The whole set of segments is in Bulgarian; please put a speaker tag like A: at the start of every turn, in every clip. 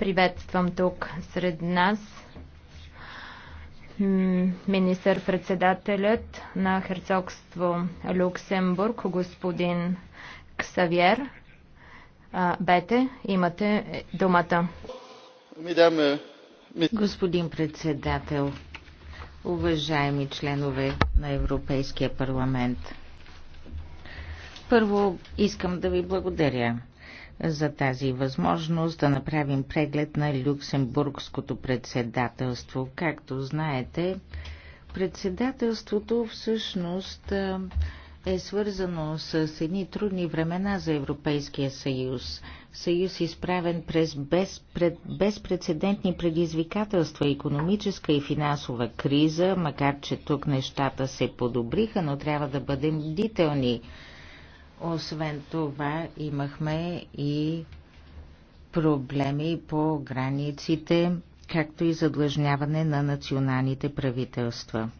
A: Приветствам тук сред нас министър-председателят на Херцогство Люксембург, господин Ксавиер. Бете, имате
B: думата. Господин председател, уважаеми членове на Европейския парламент, първо искам да ви благодаря за тази възможност да направим преглед на Люксембургското председателство. Както знаете, председателството всъщност е свързано с едни трудни времена за Европейския съюз. Съюз изправен през пред, безпредседентни предизвикателства, економическа и финансова криза, макар че тук нещата се подобриха, но трябва да бъдем бдителни. Освен това имахме и проблеми по границите, както и задлъжняване на националните правителства.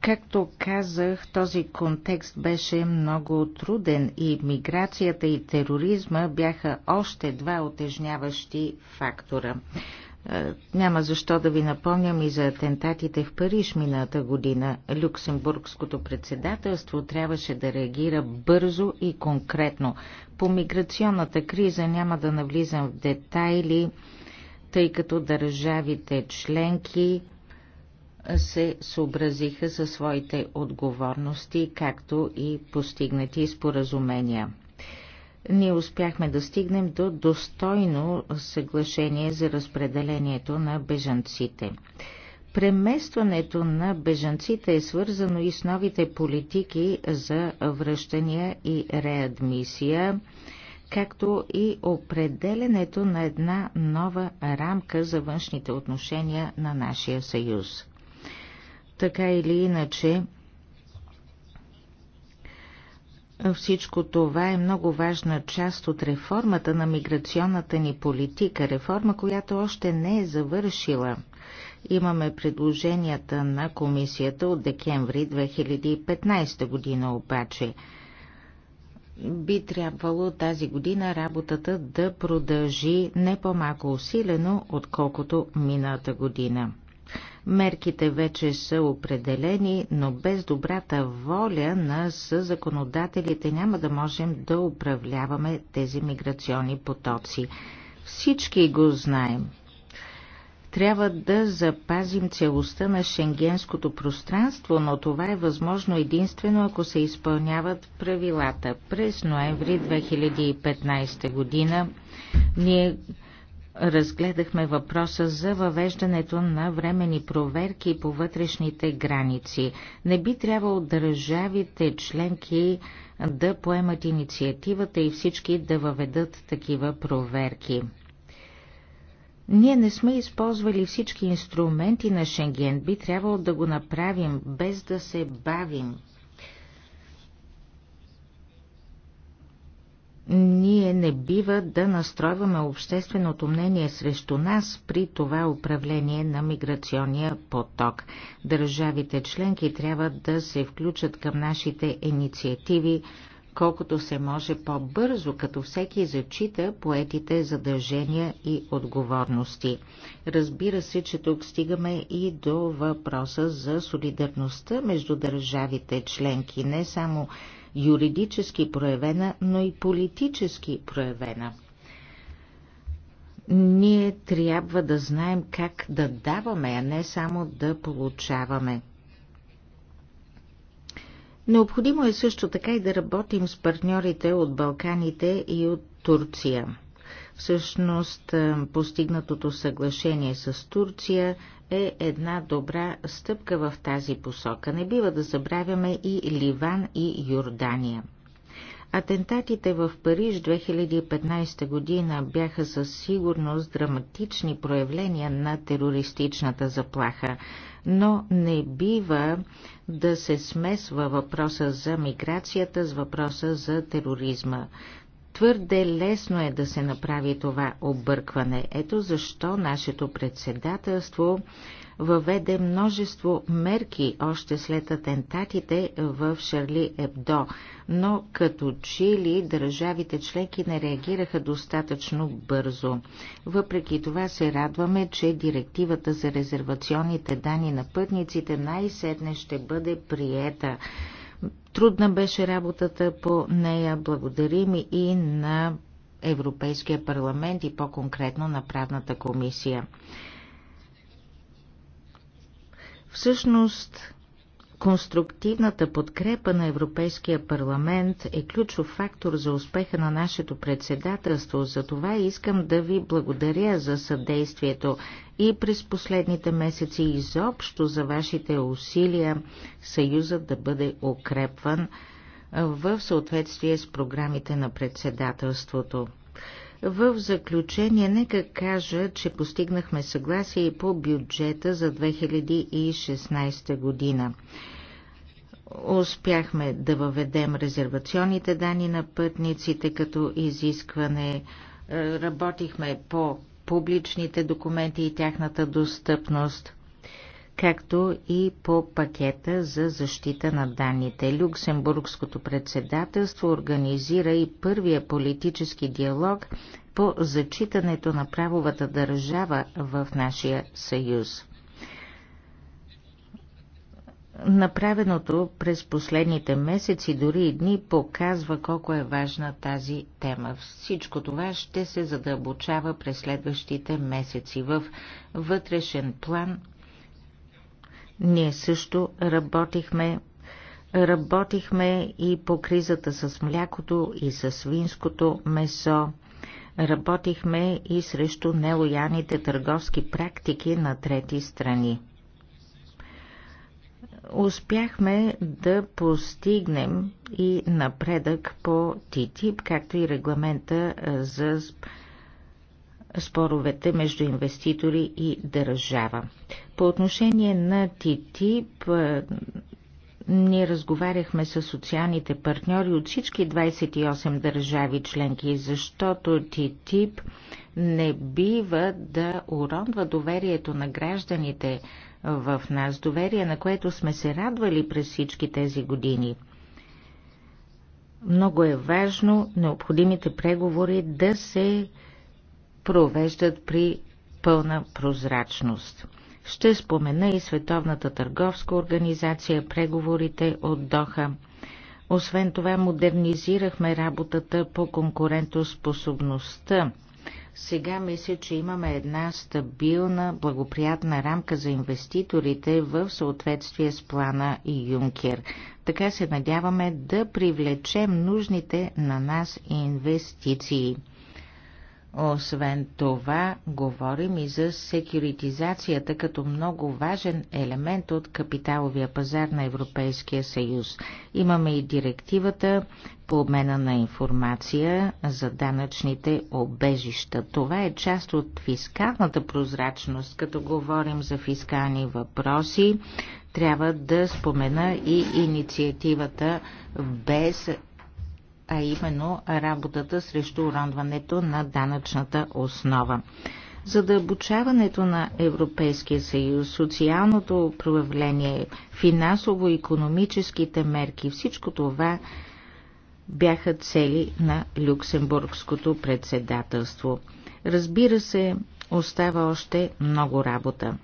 B: Както казах, този контекст беше много труден и миграцията и тероризма бяха още два отежняващи фактора. Е, няма защо да ви напомням и за атентатите в Париж мината година. Люксембургското председателство трябваше да реагира бързо и конкретно. По миграционната криза няма да навлизам в детайли, тъй като държавите членки се съобразиха със своите отговорности, както и постигнати споразумения ние успяхме да стигнем до достойно съглашение за разпределението на бежанците. Преместването на бежанците е свързано и с новите политики за връщания и реадмисия, както и определенето на една нова рамка за външните отношения на нашия съюз. Така или иначе, всичко това е много важна част от реформата на миграционната ни политика, реформа, която още не е завършила. Имаме предложенията на комисията от декември 2015 година обаче. Би трябвало тази година работата да продължи не по-малко усилено, отколкото миналата година. Мерките вече са определени, но без добрата воля на съзаконодателите няма да можем да управляваме тези миграционни потоци. Всички го знаем. Трябва да запазим целостта на шенгенското пространство, но това е възможно единствено ако се изпълняват правилата. През ноември 2015 година ние разгледахме въпроса за въвеждането на времени проверки по вътрешните граници. Не би трябвало държавите членки да поемат инициативата и всички да въведат такива проверки. Ние не сме използвали всички инструменти на Шенген, би трябвало да го направим без да се бавим. Ние не бива да настройваме общественото мнение срещу нас при това управление на миграционния поток. Държавите членки трябва да се включат към нашите инициативи, колкото се може по-бързо, като всеки зачита поетите задължения и отговорности. Разбира се, че тук стигаме и до въпроса за солидарността между държавите членки, не само юридически проявена, но и политически проявена. Ние трябва да знаем как да даваме, а не само да получаваме. Необходимо е също така и да работим с партньорите от Балканите и от Турция. Всъщност, е, постигнатото съглашение с Турция е една добра стъпка в тази посока. Не бива да забравяме и Ливан и Йордания. Атентатите в Париж 2015 година бяха със сигурност драматични проявления на терористичната заплаха, но не бива да се смесва въпроса за миграцията с въпроса за тероризма. Твърде лесно е да се направи това объркване. Ето защо нашето председателство въведе множество мерки още след атентатите в Шарли Ебдо, но като че ли държавите членки не реагираха достатъчно бързо. Въпреки това се радваме, че директивата за резервационните данни на пътниците най-сетне ще бъде приета. Трудна беше работата по нея. Благодарим и на Европейския парламент и по-конкретно на правната комисия. Всъщност, Конструктивната подкрепа на Европейския парламент е ключов фактор за успеха на нашето председателство, затова искам да ви благодаря за съдействието и през последните месеци изобщо за вашите усилия Съюзът да бъде укрепван в съответствие с програмите на председателството. В заключение, нека кажа, че постигнахме съгласие и по бюджета за 2016 година. Успяхме да въведем резервационните данни на пътниците като изискване. Е, работихме по публичните документи и тяхната достъпност, както и по пакета за защита на данните. Люксембургското председателство организира и първия политически диалог по зачитането на правовата държава в нашия съюз. Направеното през последните месеци, дори и дни, показва колко е важна тази тема. Всичко това ще се задълбочава през следващите месеци. В вътрешен план ние също работихме Работихме и по кризата с млякото и с свинското месо. Работихме и срещу нелояните търговски практики на трети страни успяхме да постигнем и напредък по ТИТИП, както и регламента за споровете между инвеститори и държава. По отношение на ТИТИП, ние разговаряхме с социалните партньори от всички 28 държави членки, защото ТИТИП не бива да уронва доверието на гражданите в нас, доверие, на което сме се радвали през всички тези години. Много е важно необходимите преговори да се провеждат при пълна прозрачност. Ще спомена и Световната търговска организация, преговорите от Доха. Освен това модернизирахме работата по конкурентоспособността сега мисля, че имаме една стабилна, благоприятна рамка за инвеститорите в съответствие с плана Юнкер. Така се надяваме да привлечем нужните на нас инвестиции. Освен това, говорим и за секюритизацията като много важен елемент от капиталовия пазар на Европейския съюз. Имаме и директивата по обмена на информация за данъчните обежища. Това е част от фискалната прозрачност. Като говорим за фискални въпроси, трябва да спомена и инициативата без а именно работата срещу уронването на данъчната основа. обучаването на Европейския съюз, социалното управление, финансово-економическите мерки, всичко това бяха цели на люксембургското председателство. Разбира се, остава още много работа.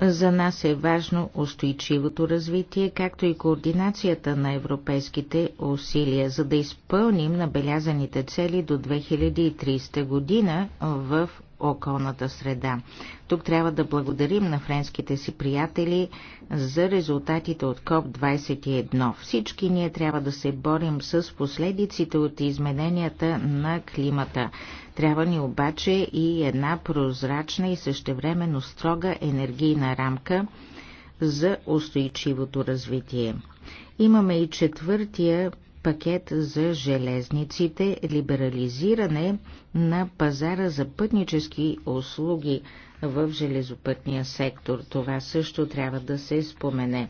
B: За нас е важно устойчивото развитие, както и координацията на европейските усилия, за да изпълним набелязаните цели до 2030 година в околната среда. Тук трябва да благодарим на френските си приятели за резултатите от КОП-21. Всички ние трябва да се борим с последиците от измененията на климата. Трябва ни обаче и една прозрачна и същевременно строга енергийна рамка за устойчивото развитие. Имаме и четвъртия пакет за железниците, либерализиране на пазара за пътнически услуги в железопътния сектор. Това също трябва да се спомене.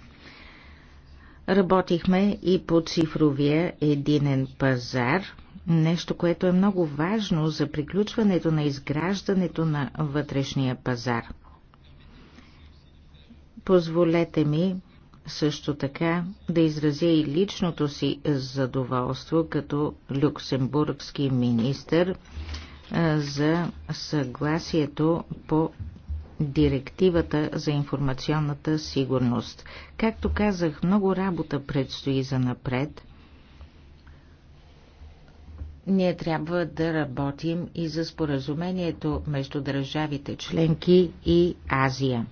B: Работихме и по цифровия единен пазар, нещо, което е много важно за приключването на изграждането на вътрешния пазар. Позволете ми също така да изразя и личното си задоволство като люксембургски министр за съгласието по директивата за информационната сигурност. Както казах, много работа предстои за напред. Ние трябва да работим и за споразумението между държавите членки и Азия.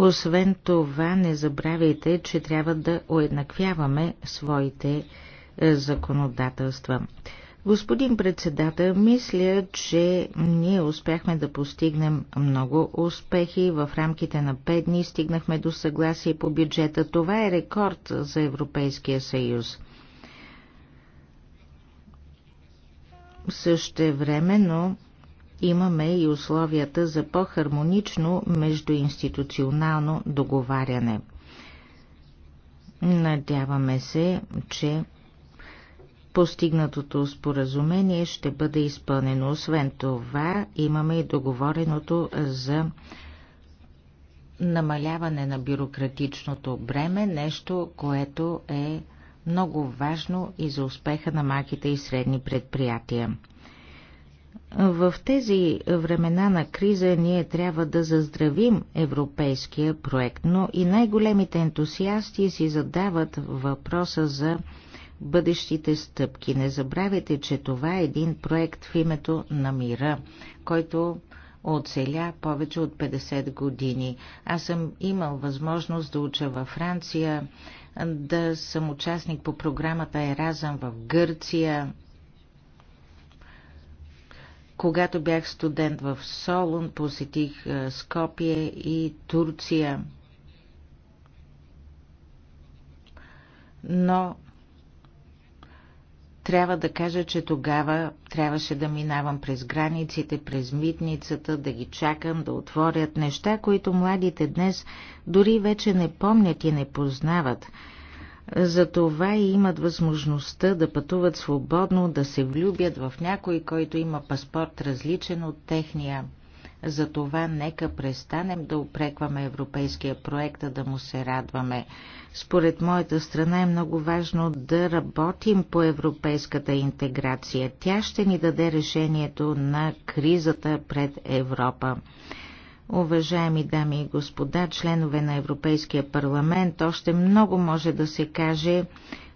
B: Освен това, не забравяйте, че трябва да уеднаквяваме своите е, законодателства. Господин председател, мисля, че ние успяхме да постигнем много успехи. В рамките на 5 дни стигнахме до съгласие по бюджета. Това е рекорд за Европейския съюз. но имаме и условията за по-хармонично междуинституционално договаряне. Надяваме се, че постигнатото споразумение ще бъде изпълнено. Освен това, имаме и договореното за намаляване на бюрократичното бреме, нещо, което е много важно и за успеха на малките и средни предприятия. В тези времена на криза ние трябва да заздравим европейския проект, но и най-големите ентусиасти си задават въпроса за бъдещите стъпки. Не забравяйте, че това е един проект в името на мира, който оцеля повече от 50 години. Аз съм имал възможност да уча във Франция, да съм участник по програмата Еразъм в Гърция, когато бях студент в Солун, посетих е, Скопие и Турция. Но трябва да кажа, че тогава трябваше да минавам през границите, през митницата, да ги чакам, да отворят неща, които младите днес дори вече не помнят и не познават – затова и имат възможността да пътуват свободно, да се влюбят в някой, който има паспорт различен от техния. Затова нека престанем да упрекваме европейския проект, да му се радваме. Според моята страна е много важно да работим по европейската интеграция. Тя ще ни даде решението на кризата пред Европа. Уважаеми дами и господа, членове на Европейския парламент, още много може да се каже,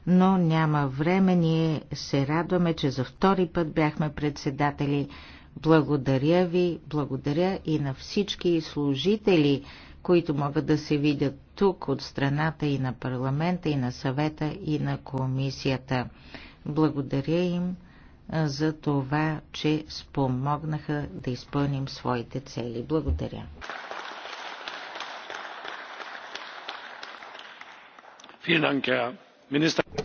B: но няма време. Ние се радваме, че за втори път бяхме председатели. Благодаря ви, благодаря и на всички служители, които могат да се видят тук от страната и на парламента, и на съвета, и на комисията. Благодаря им за това, че спомогнаха да изпълним своите цели. Благодаря.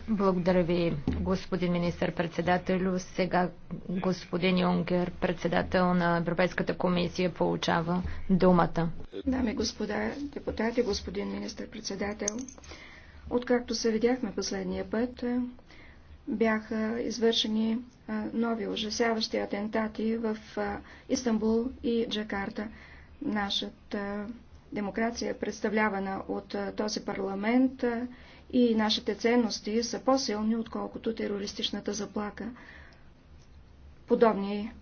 A: Благодаря ви, господин министър-председателю. Сега господин Юнкер, председател на Европейската комисия, получава думата.
C: Дами господа депутати, господин министър-председател, откакто се видяхме последния път, бяха извършени нови ужасяващи атентати в Истанбул и Джакарта. Нашата демокрация е представлявана от този парламент и нашите ценности са по-силни, отколкото терористичната заплака. Подобни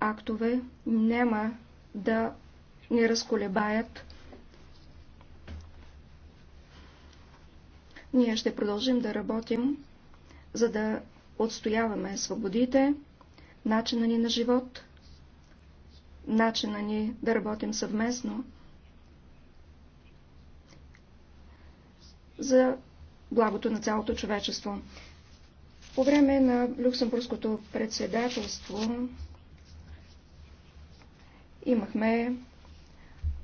C: актове няма да ни разколебаят. Ние ще продължим да работим за да отстояваме свободите, начина ни на живот, начина ни да работим съвместно, за благото на цялото човечество. По време на Люксембургското председателство имахме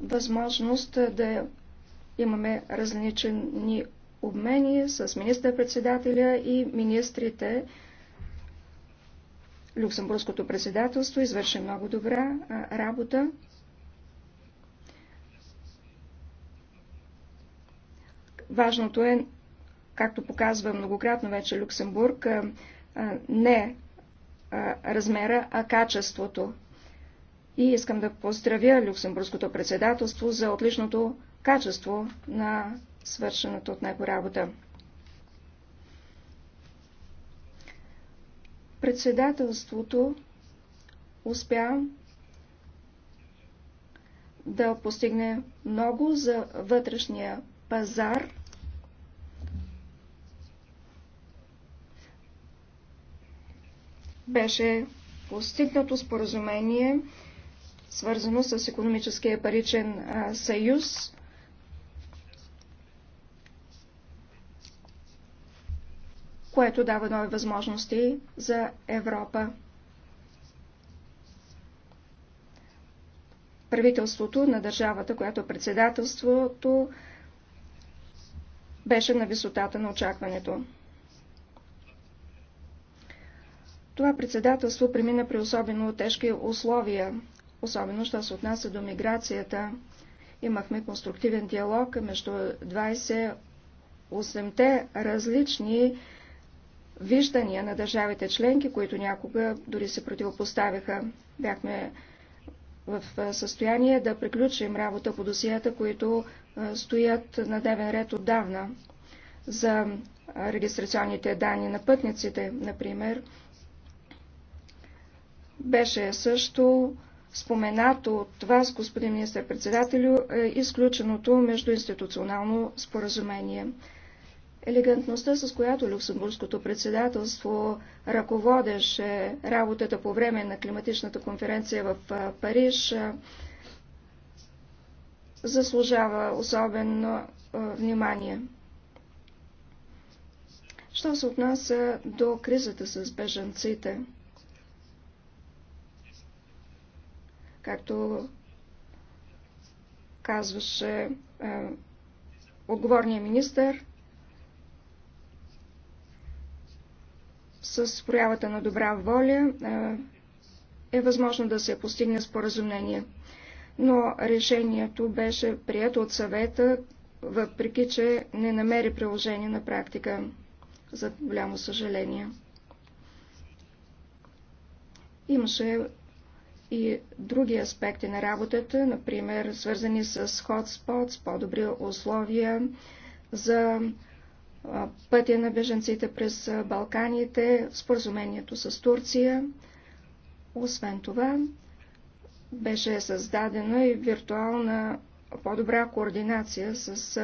C: възможност да имаме различни обмени с министър-председателя и министрите. Люксембургското председателство извърши много добра работа. Важното е, както показва многократно вече Люксембург, не размера, а качеството. И искам да поздравя Люксембургското председателство за отличното качество на свършената от него работа. Председателството успя да постигне много за вътрешния пазар. Беше постигнато споразумение, свързано с економическия паричен съюз. което дава нови възможности за Европа. Правителството на държавата, която е председателството беше на висотата на очакването. Това председателство премина при особено тежки условия, особено що се отнася до миграцията. Имахме конструктивен диалог между 28-те различни виждания на държавите членки, които някога дори се противопоставяха. Бяхме в състояние да приключим работа по досията, които стоят на дневен ред отдавна за регистрационните данни на пътниците, например. Беше също споменато от вас, господин министър-председателю, е, изключеното междуинституционално споразумение. Елегантността, с която Люксембургското председателство ръководеше работата по време на климатичната конференция в Париж, заслужава особено внимание. Що се отнася до кризата с бежанците? Както казваше е, отговорният министър, С проявата на добра воля е, е възможно да се постигне споразумение. Но решението беше прието от съвета, въпреки че не намери приложение на практика, за голямо съжаление. Имаше и други аспекти на работата, например свързани с хотспот, с по-добри условия за пътя на беженците през Балканите, споразумението с Турция. Освен това, беше създадена и виртуална по-добра координация с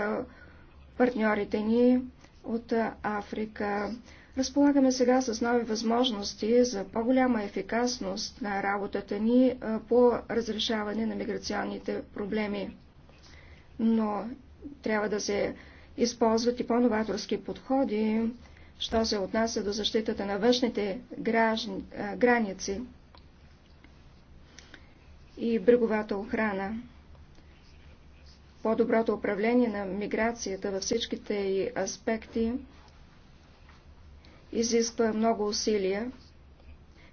C: партньорите ни от Африка. Разполагаме сега с нови възможности за по-голяма ефикасност на работата ни по разрешаване на миграционните проблеми. Но трябва да се използват и по-новаторски подходи, що се отнася до защитата на външните граждан, граници и бреговата охрана. По-доброто управление на миграцията във всичките й аспекти изисква много усилия.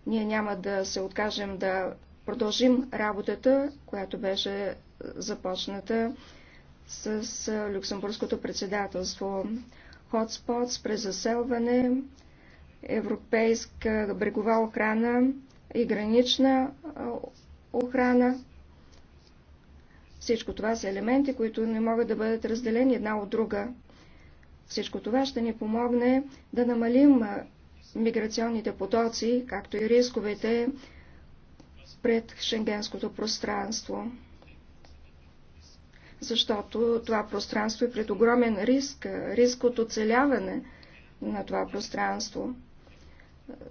C: Ние няма да се откажем да продължим работата, която беше започната с Люксембургското председателство. Хотспотс, презаселване, европейска брегова охрана и гранична охрана. Всичко това са елементи, които не могат да бъдат разделени една от друга. Всичко това ще ни помогне да намалим миграционните потоци, както и рисковете пред шенгенското пространство защото това пространство е пред огромен риск, риск от оцеляване на това пространство,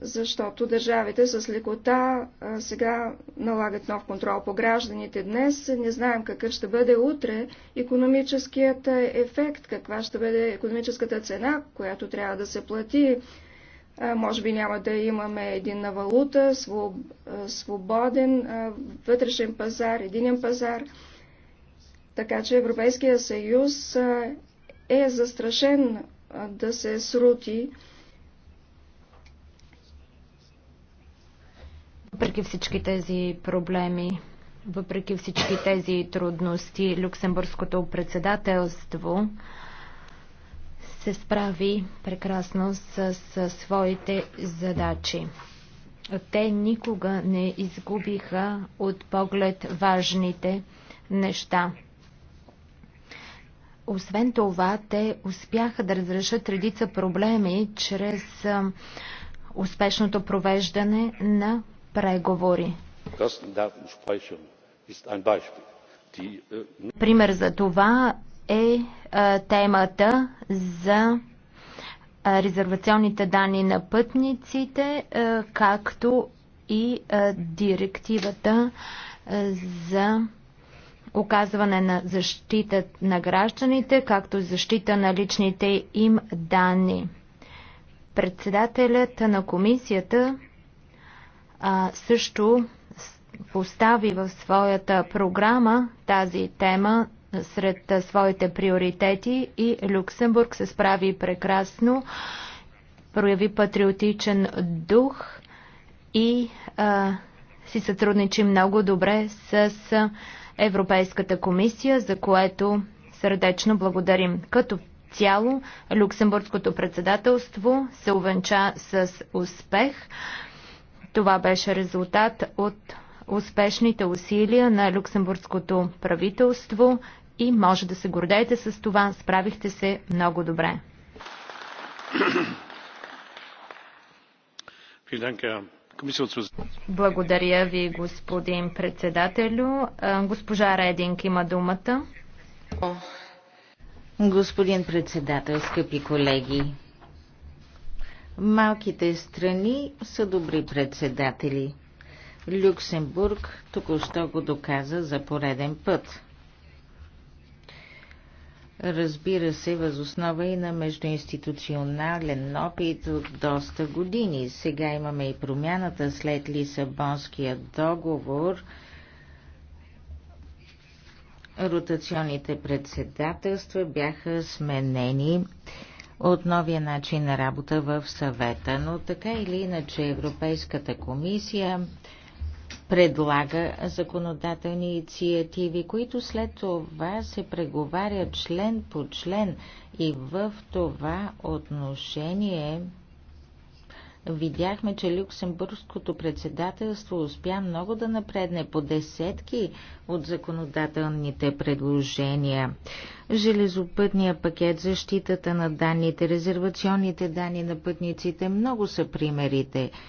C: защото държавите с лекота сега налагат нов контрол по гражданите днес. Не знаем какъв ще бъде утре економическият ефект, каква ще бъде економическата цена, която трябва да се плати. Може би няма да имаме единна валута, свободен вътрешен пазар, единен пазар. Така че Европейския съюз е застрашен да се срути.
A: Въпреки всички тези проблеми, въпреки всички тези трудности, Люксембургското председателство се справи прекрасно с, с своите задачи. Те никога не изгубиха от поглед важните неща. Освен това, те успяха да разрешат редица проблеми чрез успешното провеждане на преговори. Пример за това е темата за резервационните данни на пътниците, както и директивата за оказване на защита на гражданите, както защита на личните им данни. Председателят на комисията а, също постави в своята програма тази тема сред своите приоритети и Люксембург се справи прекрасно, прояви патриотичен дух и а, си сътрудничи много добре с Европейската комисия, за което сърдечно благодарим. Като цяло, Люксембургското председателство се увенча с успех. Това беше резултат от успешните усилия на люксембургското правителство и може да се гордеете с това. Справихте се много добре. Благодаря, благодаря ви, господин председателю. Госпожа Рединг има думата.
B: Господин председател, скъпи колеги, малките страни са добри председатели. Люксембург току-що го доказа за пореден път разбира се, възоснова и на междуинституционален опит от доста години. Сега имаме и промяната след Лисабонския договор. Ротационните председателства бяха сменени от новия начин на работа в съвета, но така или иначе Европейската комисия предлага законодателни инициативи, които след това се преговарят член по член и в това отношение видяхме, че Люксембургското председателство успя много да напредне по десетки от законодателните предложения. Железопътния пакет, защитата на данните, резервационните данни на пътниците, много са примерите –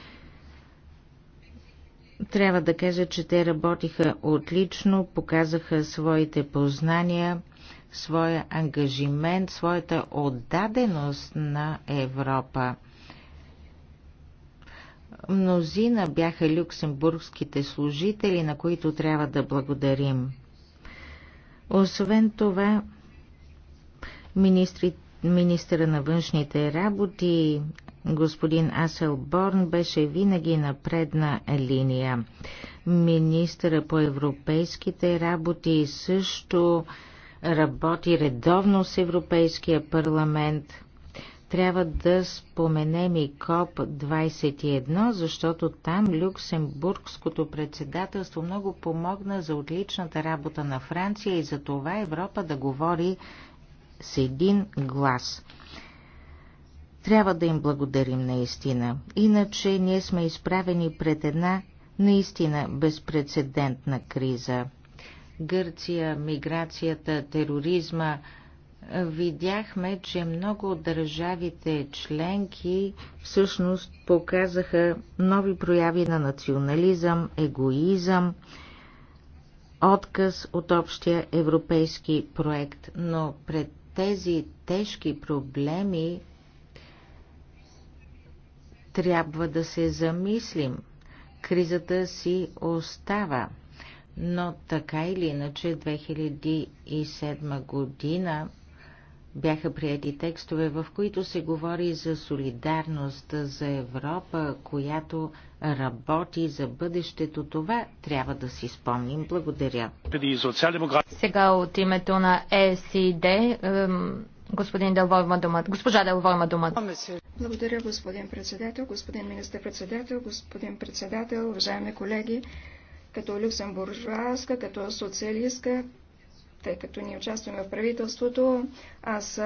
B: трябва да кажа, че те работиха отлично, показаха своите познания, своя ангажимент, своята отдаденост на Европа. Мнозина бяха люксембургските служители, на които трябва да благодарим. Освен това, министри, министра на външните работи господин Асел Борн беше винаги на предна линия. Министъра по европейските работи също работи редовно с Европейския парламент. Трябва да споменем и КОП-21, защото там Люксембургското председателство много помогна за отличната работа на Франция и за това Европа да говори с един глас. Трябва да им благодарим наистина. Иначе ние сме изправени пред една наистина безпредседентна криза. Гърция, миграцията, тероризма. Видяхме, че много от държавите членки всъщност показаха нови прояви на национализъм, егоизъм, отказ от общия европейски проект, но пред тези тежки проблеми трябва да се замислим. Кризата си остава. Но така или иначе 2007 година бяха прияти текстове, в които се говори за солидарност, за Европа, която работи за бъдещето. Това трябва да си спомним. Благодаря.
A: Сега от името на ЕСИД господин Делвой Мадумат, Госпожа Делвой Мадумат.
C: Благодаря, господин председател, господин министър-председател, господин председател, уважаеми колеги. Като люксембуржуазка, като социалистка, тъй като ние участваме в правителството, аз,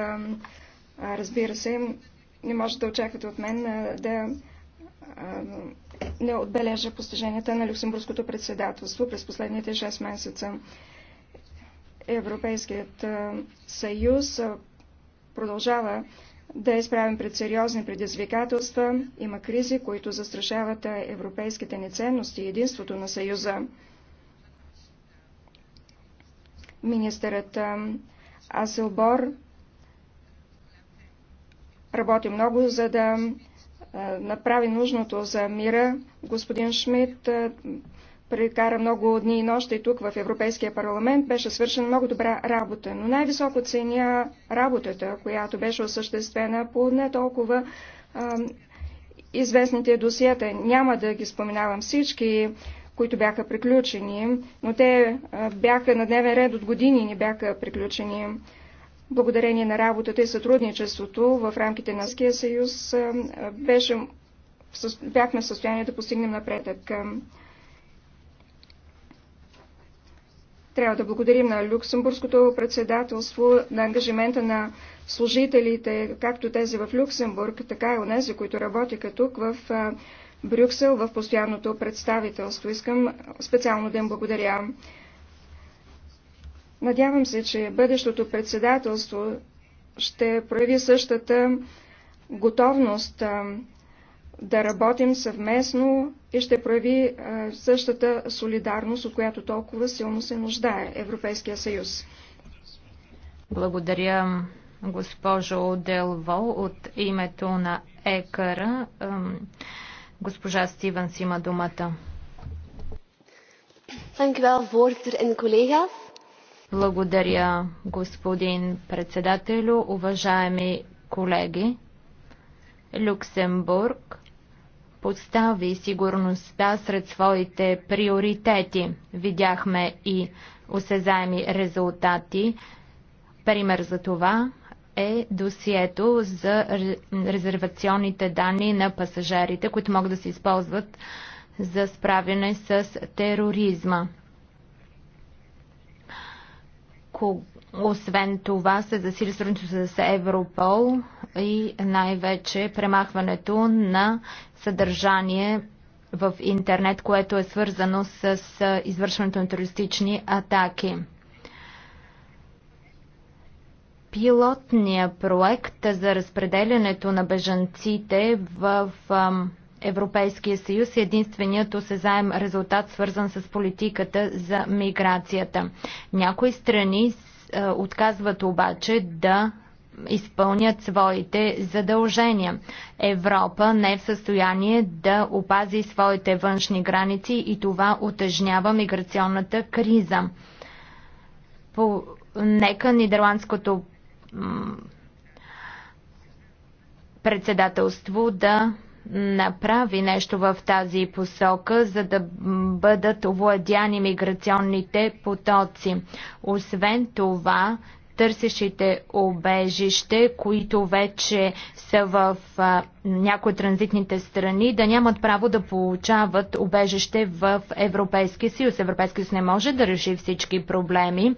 C: разбира се, не може да очаквате от мен да не отбележа постиженията на люксембургското председателство през последните 6 месеца. Европейският съюз продължава да изправим пред сериозни предизвикателства. Има кризи, които застрашават европейските ни ценности и единството на Съюза. Министърът Аселбор работи много, за да направи нужното за мира. Господин Шмидт прекара много дни и нощи тук в Европейския парламент, беше свършена много добра работа. Но най-високо ценя работата, която беше осъществена по не толкова а, известните досиета. Няма да ги споменавам всички, които бяха приключени, но те а, бяха на дневен ред от години и не бяха приключени. Благодарение на работата и сътрудничеството в рамките на Ския съюз беше, бяхме в състояние да постигнем напредък. Трябва да благодарим на Люксембургското председателство, на ангажимента на служителите, както тези в Люксембург, така и онези, които работиха тук в Брюксел, в постоянното представителство. Искам специално да им благодаря. Надявам се, че бъдещото председателство ще прояви същата готовност да работим съвместно и ще прояви същата солидарност, от която толкова силно се нуждае Европейския съюз.
A: Благодаря, госпожо Делво, от името на ЕКР. Госпожа Стивенс има думата. Благодаря, господин председателю, уважаеми колеги. Люксембург постави сигурността сред своите приоритети. Видяхме и осезаеми резултати. Пример за това е досието за резервационните данни на пасажирите, които могат да се използват за справяне с тероризма. Когато освен това се засили сътрудничество с Европол и най-вече премахването на съдържание в интернет, което е свързано с извършването на терористични атаки. Пилотният проект за разпределянето на бежанците в Европейския съюз е единственият осезаем резултат, свързан с политиката за миграцията. Някои страни е, отказват обаче да изпълнят своите задължения. Европа не е в състояние да опази своите външни граници и това отъжнява миграционната криза. По... Нека нидерландското председателство да направи нещо в тази посока, за да бъдат овладяни миграционните потоци. Освен това, търсещите обежище, които вече са в а, някои транзитните страни, да нямат право да получават обежище в Европейския съюз. Европейския съюз не може да реши всички проблеми.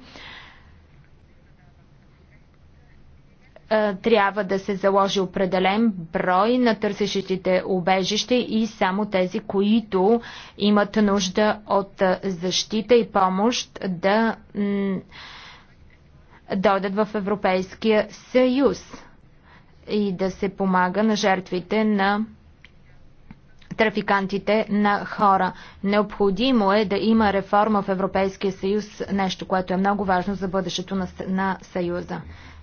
A: Е, трябва да се заложи определен брой на търсещите убежище и само тези, които имат нужда от е, защита и помощ да дойдат в Европейския съюз и да се помага на жертвите на трафикантите на хора. Необходимо е да има реформа в Европейския съюз, нещо, което е много важно за бъдещето на, на съюза.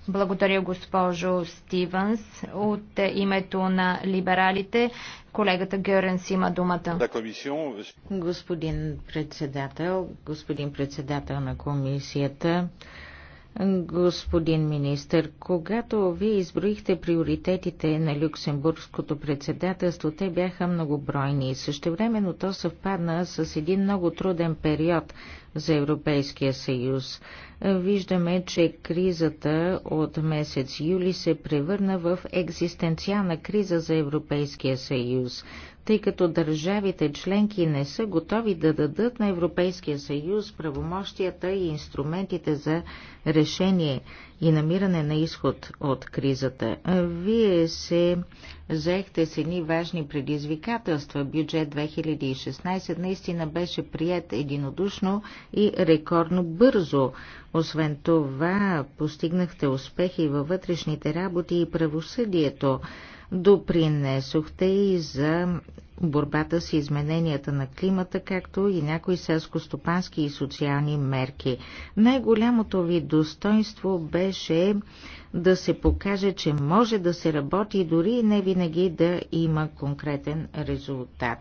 A: Благодаря, госпожо Стивенс. От името на либералите, колегата Геренс има думата.
B: Господин председател, господин председател на комисията, Господин министр, когато вие изброихте приоритетите на Люксембургското председателство, те бяха многобройни и същевременно то съвпадна с един много труден период за Европейския съюз. Виждаме, че кризата от месец юли се превърна в екзистенциална криза за Европейския съюз тъй като държавите членки не са готови да дадат на Европейския съюз правомощията и инструментите за решение и намиране на изход от кризата. Вие се заехте с едни важни предизвикателства. Бюджет 2016 наистина беше прият единодушно и рекордно бързо. Освен това, постигнахте успехи във вътрешните работи и правосъдието допринесохте и за борбата с измененията на климата, както и някои селско-стопански и социални мерки. Най-голямото ви достоинство беше да се покаже, че може да се работи дори и не винаги да има конкретен резултат.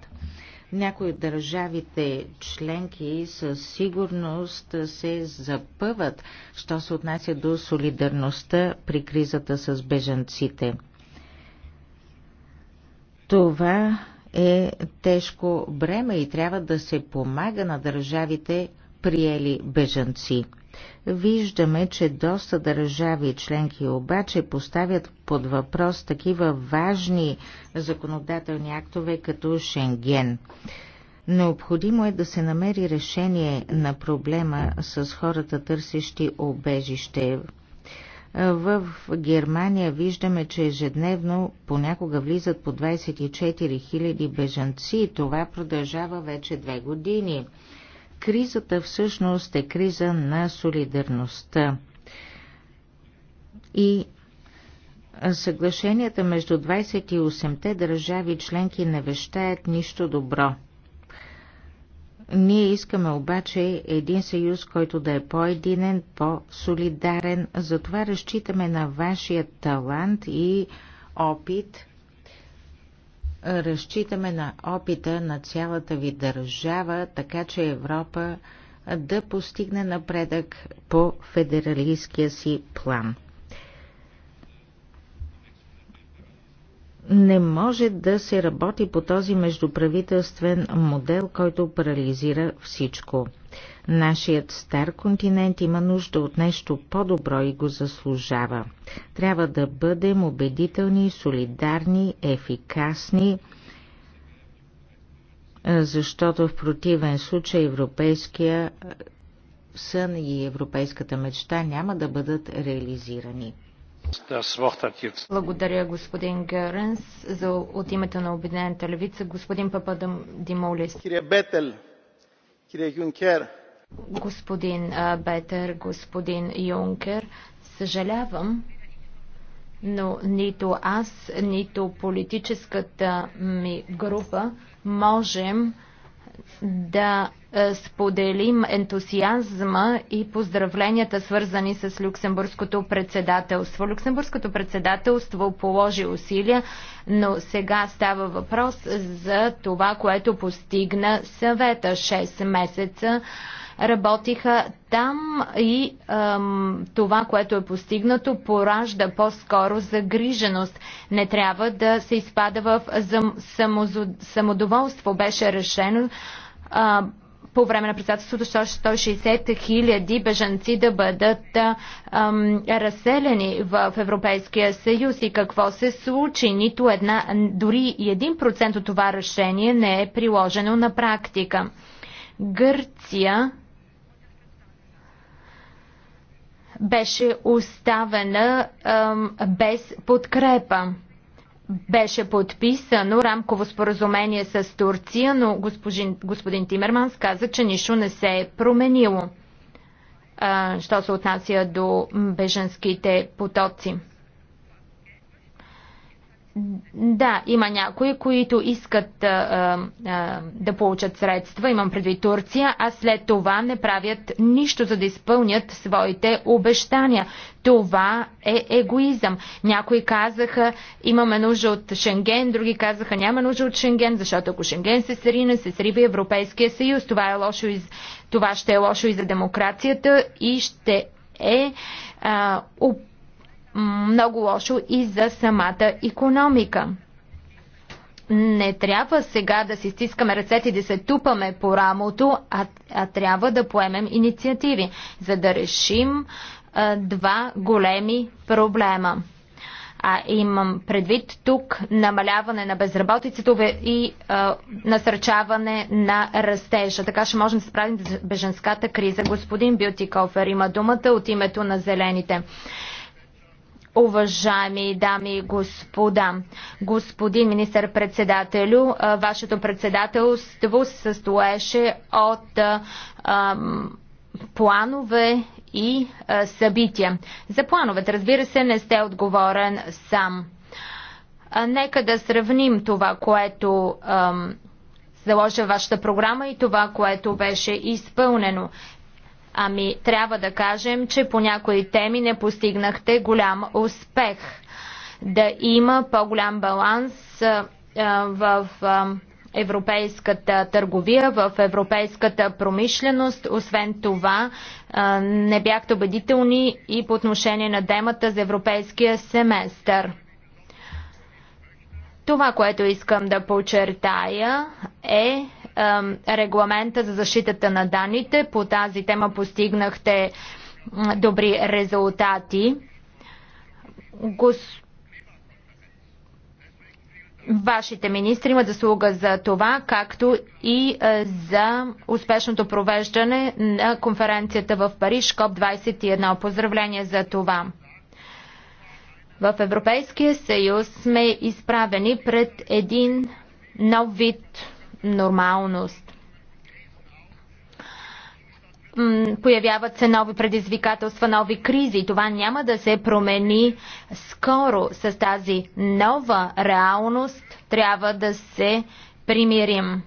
B: Някои от държавите членки със сигурност се запъват, що се отнася до солидарността при кризата с бежанците. Това е тежко бреме и трябва да се помага на държавите, приели бежанци. Виждаме, че доста държави и членки обаче поставят под въпрос такива важни законодателни актове като Шенген. Необходимо е да се намери решение на проблема с хората търсещи обежище. В Германия виждаме, че ежедневно понякога влизат по 24 000 бежанци и това продължава вече две години. Кризата всъщност е криза на солидарността. И съглашенията между 28-те държави членки не вещаят нищо добро – ние искаме обаче един съюз, който да е по-единен, по-солидарен. Затова разчитаме на вашия талант и опит. Разчитаме на опита на цялата ви държава, така че Европа да постигне напредък по федералистския си план. Не може да се работи по този междуправителствен модел, който парализира всичко. Нашият стар континент има нужда от нещо по-добро и го заслужава. Трябва да бъдем убедителни, солидарни, ефикасни, защото в противен случай европейския сън и европейската мечта няма да бъдат реализирани. Благодаря, господин Геренс. За, от
A: името на Обединената левица, господин Пападимолис. Димолис.
C: Бетел, Юнкер.
A: Господин Бетер, господин Юнкер, съжалявам, но нито аз, нито политическата ми група можем да споделим ентусиазма и поздравленията, свързани с Люксембургското председателство. Люксембургското председателство положи усилия, но сега става въпрос за това, което постигна съвета 6 месеца работиха там и ам, това, което е постигнато, поражда по-скоро загриженост. Не трябва да се изпада в самодоволство. Беше решено по време на председателството 160 хиляди бежанци да бъдат ам, разселени в Европейския съюз и какво се случи. Нито една, дори 1% от това решение не е приложено на практика. Гърция беше оставена ам, без подкрепа беше подписано рамково споразумение с Турция, но господин, господин Тимерманс каза, че нищо не се е променило, а, що се отнася до беженските потоци. Да, има някои, които искат а, а, да получат средства, имам предвид Турция, а след това не правят нищо, за да изпълнят своите обещания. Това е егоизъм. Някои казаха, имаме нужда от Шенген, други казаха, няма нужда от Шенген, защото ако Шенген се срине, се срива Европейския съюз. Това, е лошо из... това ще е лошо и за демокрацията и ще е а, много лошо и за самата економика. Не трябва сега да си стискаме ръцете и да се тупаме по рамото, а, а трябва да поемем инициативи, за да решим а, два големи проблема. А имам предвид тук намаляване на безработицата и а, насърчаване на растежа. Така ще можем да справим с беженската криза. Господин Бютикофер има думата от името на зелените. Уважаеми дами и господа, господин министър-председателю, вашето председателство се състоеше от ам, планове и а, събития. За плановете, разбира се, не сте отговорен сам. А, нека да сравним това, което ам, заложа вашата програма и това, което беше изпълнено. Ами, трябва да кажем, че по някои теми не постигнахте голям успех. Да има по-голям баланс а, в а, европейската търговия, в европейската промишленост. Освен това, а, не бяхте убедителни и по отношение на темата за европейския семестър. Това, което искам да подчертая е, регламента за защитата на данните. По тази тема постигнахте добри резултати. Гос... Вашите министри имат заслуга за това, както и за успешното провеждане на конференцията в Париж КОП-21. Поздравление за това! В Европейския съюз сме изправени пред един нов вид нормалност. Появяват се нови предизвикателства, нови кризи. Това няма да се промени скоро с тази нова реалност. Трябва да се примирим.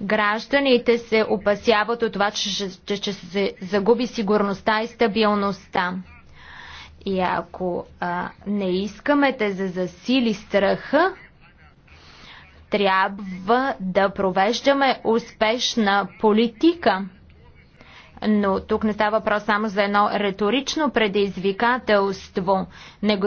A: Гражданите се опасяват от това, че ще, се загуби сигурността и стабилността. И ако а, не искаме да засили страха, трябва да провеждаме успешна политика. Но тук не става въпрос само за едно риторично предизвикателство,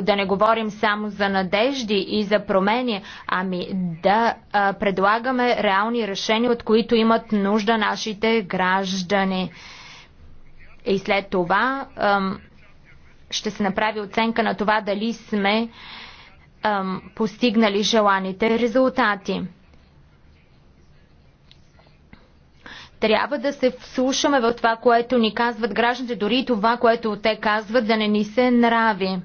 A: да не говорим само за надежди и за промени, ами да а, предлагаме реални решения, от които имат нужда нашите граждани. И след това ам, ще се направи оценка на това дали сме постигнали желаните резултати. Трябва да се вслушаме в това, което ни казват гражданите, дори и това, което те казват, да не ни се нрави.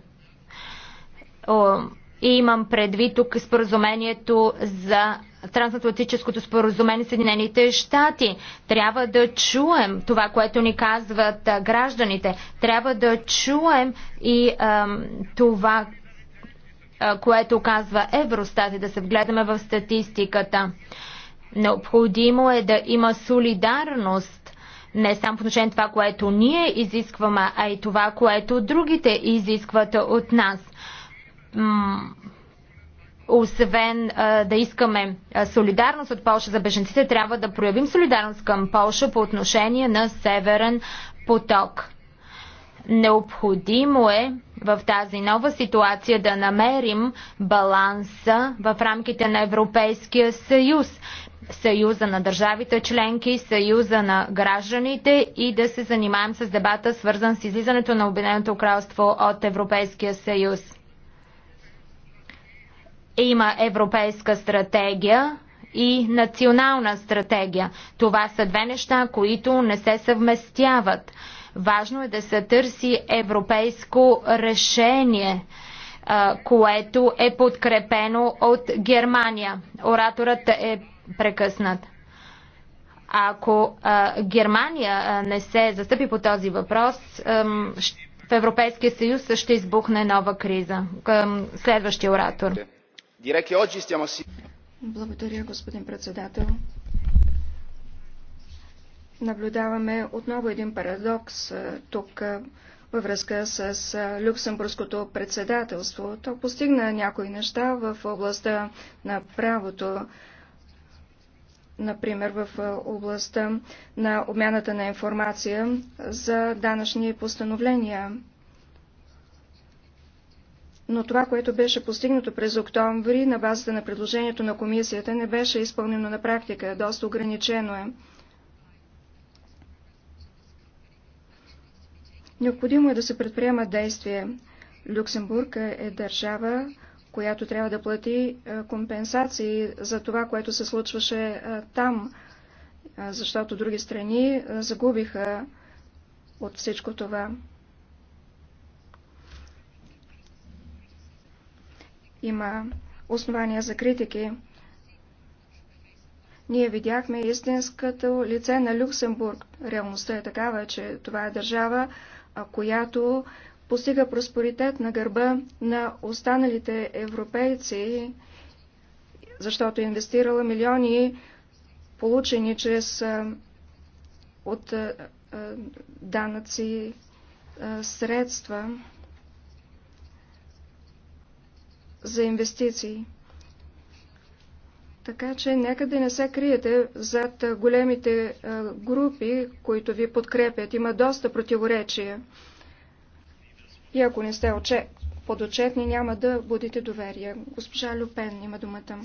A: О, и имам предвид тук споразумението за трансатлантическото споразумение Съединените щати. Трябва да чуем това, което ни казват гражданите. Трябва да чуем и ам, това, което казва Евростат и да се вгледаме в статистиката. Необходимо е да има солидарност не само по отношение на това, което ние изискваме, а и това, което другите изискват от нас. Освен а, да искаме солидарност от Польша за беженците, трябва да проявим солидарност към Польша по отношение на Северен поток. Необходимо е в тази нова ситуация да намерим баланса в рамките на Европейския съюз. Съюза на държавите членки, Съюза на гражданите и да се занимаем с дебата, свързан с излизането на Обединеното кралство от Европейския съюз. Има европейска стратегия и национална стратегия. Това са две неща, които не се съвместяват. Важно е да се търси европейско решение, което е подкрепено от Германия. Ораторът е прекъснат. Ако Германия не се застъпи по този въпрос, в Европейския съюз ще избухне нова криза. Към следващия оратор.
C: Благодаря, господин председател наблюдаваме отново един парадокс тук във връзка с люксембургското председателство. То постигна някои неща в областта на правото, например в областта на обмяната на информация за данъчни постановления. Но това, което беше постигнато през октомври на базата на предложението на комисията, не беше изпълнено на практика, доста ограничено е. Необходимо е да се предприемат действия. Люксембург е държава, която трябва да плати компенсации за това, което се случваше там, защото други страни загубиха от всичко това. Има основания за критики. Ние видяхме истинското лице на Люксембург. Реалността е такава, че това е държава, която постига проспоритет на гърба на останалите европейци, защото е инвестирала милиони, получени чрез от данъци средства за инвестиции. Така че нека да не се криете зад големите е, групи, които ви подкрепят. Има доста противоречия. И ако не сте подочетни, подотчетни, няма да будите доверие. Госпожа Люпен има думата.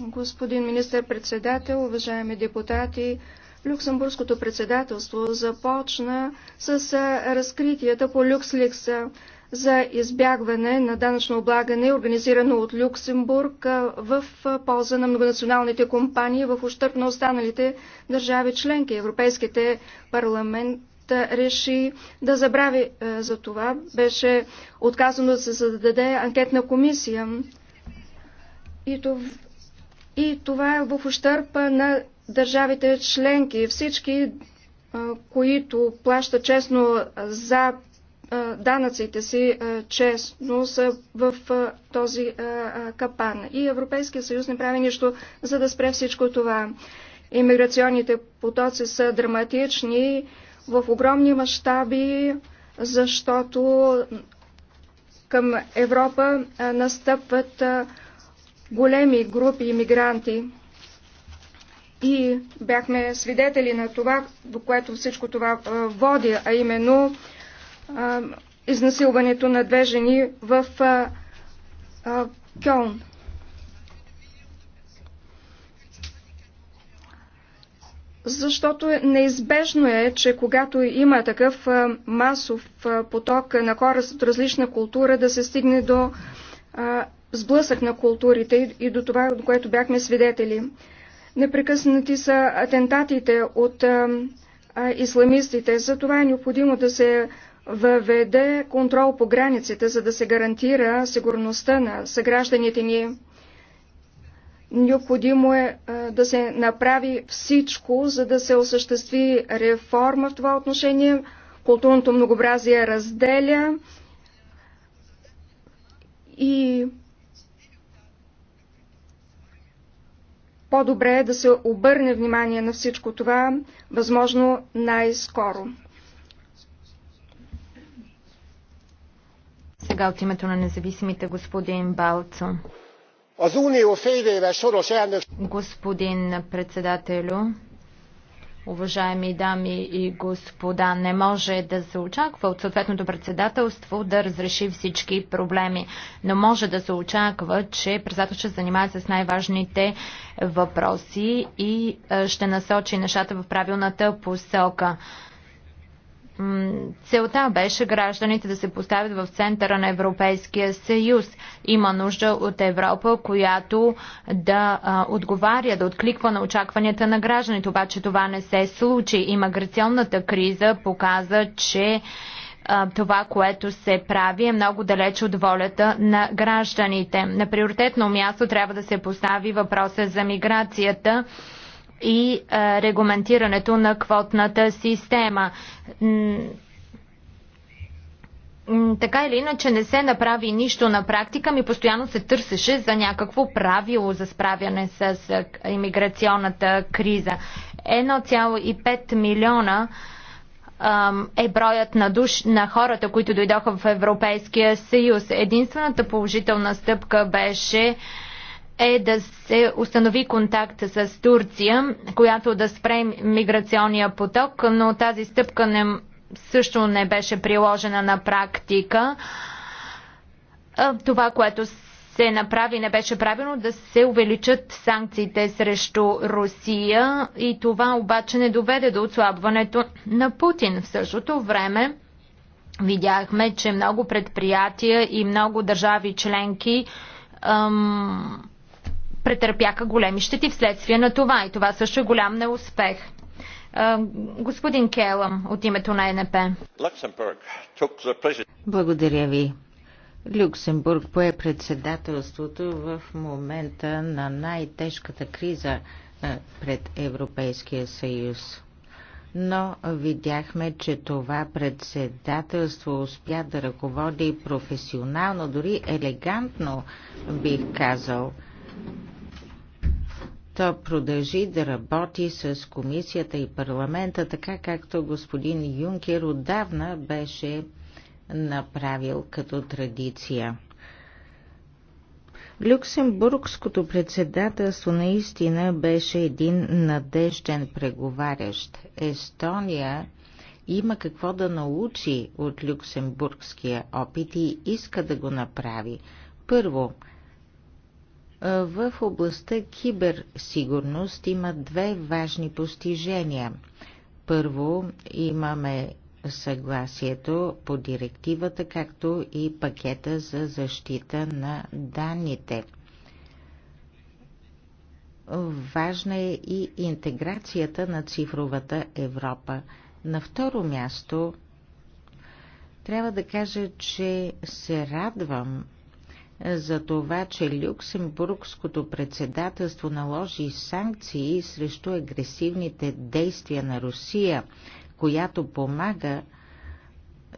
C: Господин министър-председател, уважаеми депутати, Люксембургското председателство започна с е, разкритията по Люксликса за избягване на данъчно облагане, организирано от Люксембург в полза на многонационалните компании в ущърп на останалите държави членки. Европейските парламент реши да забрави за това. Беше отказано да се зададе анкетна комисия. И това, и това е в ущърпа на държавите членки. Всички които плащат честно за данъците си честно са в този капан. И Европейския съюз не прави нищо, за да спре всичко това. Имиграционните потоци са драматични, в огромни мащаби, защото към Европа настъпват големи групи иммигранти. И бяхме свидетели на това, до което всичко това води, а именно а, изнасилването на две жени в а, а, Кьолн. Защото неизбежно е, че когато има такъв масов поток на хора с различна култура, да се стигне до сблъсък на културите и до това, от което бяхме свидетели. Непрекъснати са атентатите от исламистите. Затова е необходимо да се въведе контрол по границите, за да се гарантира сигурността на съгражданите ни. Необходимо е да се направи всичко, за да се осъществи реформа в това отношение. Културното многообразие разделя и по-добре е да се обърне внимание на всичко това, възможно най-скоро.
A: сега от името на независимите господин Балцо. Господин председателю, уважаеми дами и господа, не може да се очаква от съответното председателство да разреши всички проблеми, но може да се очаква, че председателството ще се занимава с най-важните въпроси и ще насочи нещата в правилната посока. Целта беше гражданите да се поставят в центъра на Европейския съюз. Има нужда от Европа, която да а, отговаря, да откликва на очакванията на гражданите. Обаче това не се случи. Имиграционната криза показа, че а, това, което се прави е много далеч от волята на гражданите. На приоритетно място трябва да се постави въпроса за миграцията и е, регламентирането на квотната система. Така или иначе не се направи нищо на практика, ми постоянно се търсеше за някакво правило за справяне с е, е, иммиграционната криза. 1,5 милиона е броят на, душ, на хората, които дойдоха в Европейския съюз. Единствената положителна стъпка беше е да се установи контакт с Турция, която да спре миграционния поток, но тази стъпка не, също не беше приложена на практика. Това, което се направи, не беше правилно да се увеличат санкциите срещу Русия и това обаче не доведе до отслабването на Путин. В същото време видяхме, че много предприятия и много държави членки ам, претърпяха големи щети вследствие на това и това също е голям неуспех. Господин Келъм от името на НП.
B: Благодаря ви. Люксембург пое председателството в момента на най-тежката криза пред Европейския съюз. Но видяхме, че това председателство успя да ръководи професионално, дори елегантно, бих казал то продължи да работи с комисията и парламента, така както господин Юнкер отдавна беше направил като традиция. Люксембургското председателство наистина беше един надежден преговарящ. Естония има какво да научи от люксембургския опит и иска да го направи. Първо, в областта киберсигурност има две важни постижения. Първо, имаме съгласието по директивата, както и пакета за защита на данните. Важна е и интеграцията на цифровата Европа. На второ място, трябва да кажа, че се радвам, за това, че Люксембургското председателство наложи санкции срещу агресивните действия на Русия, която помага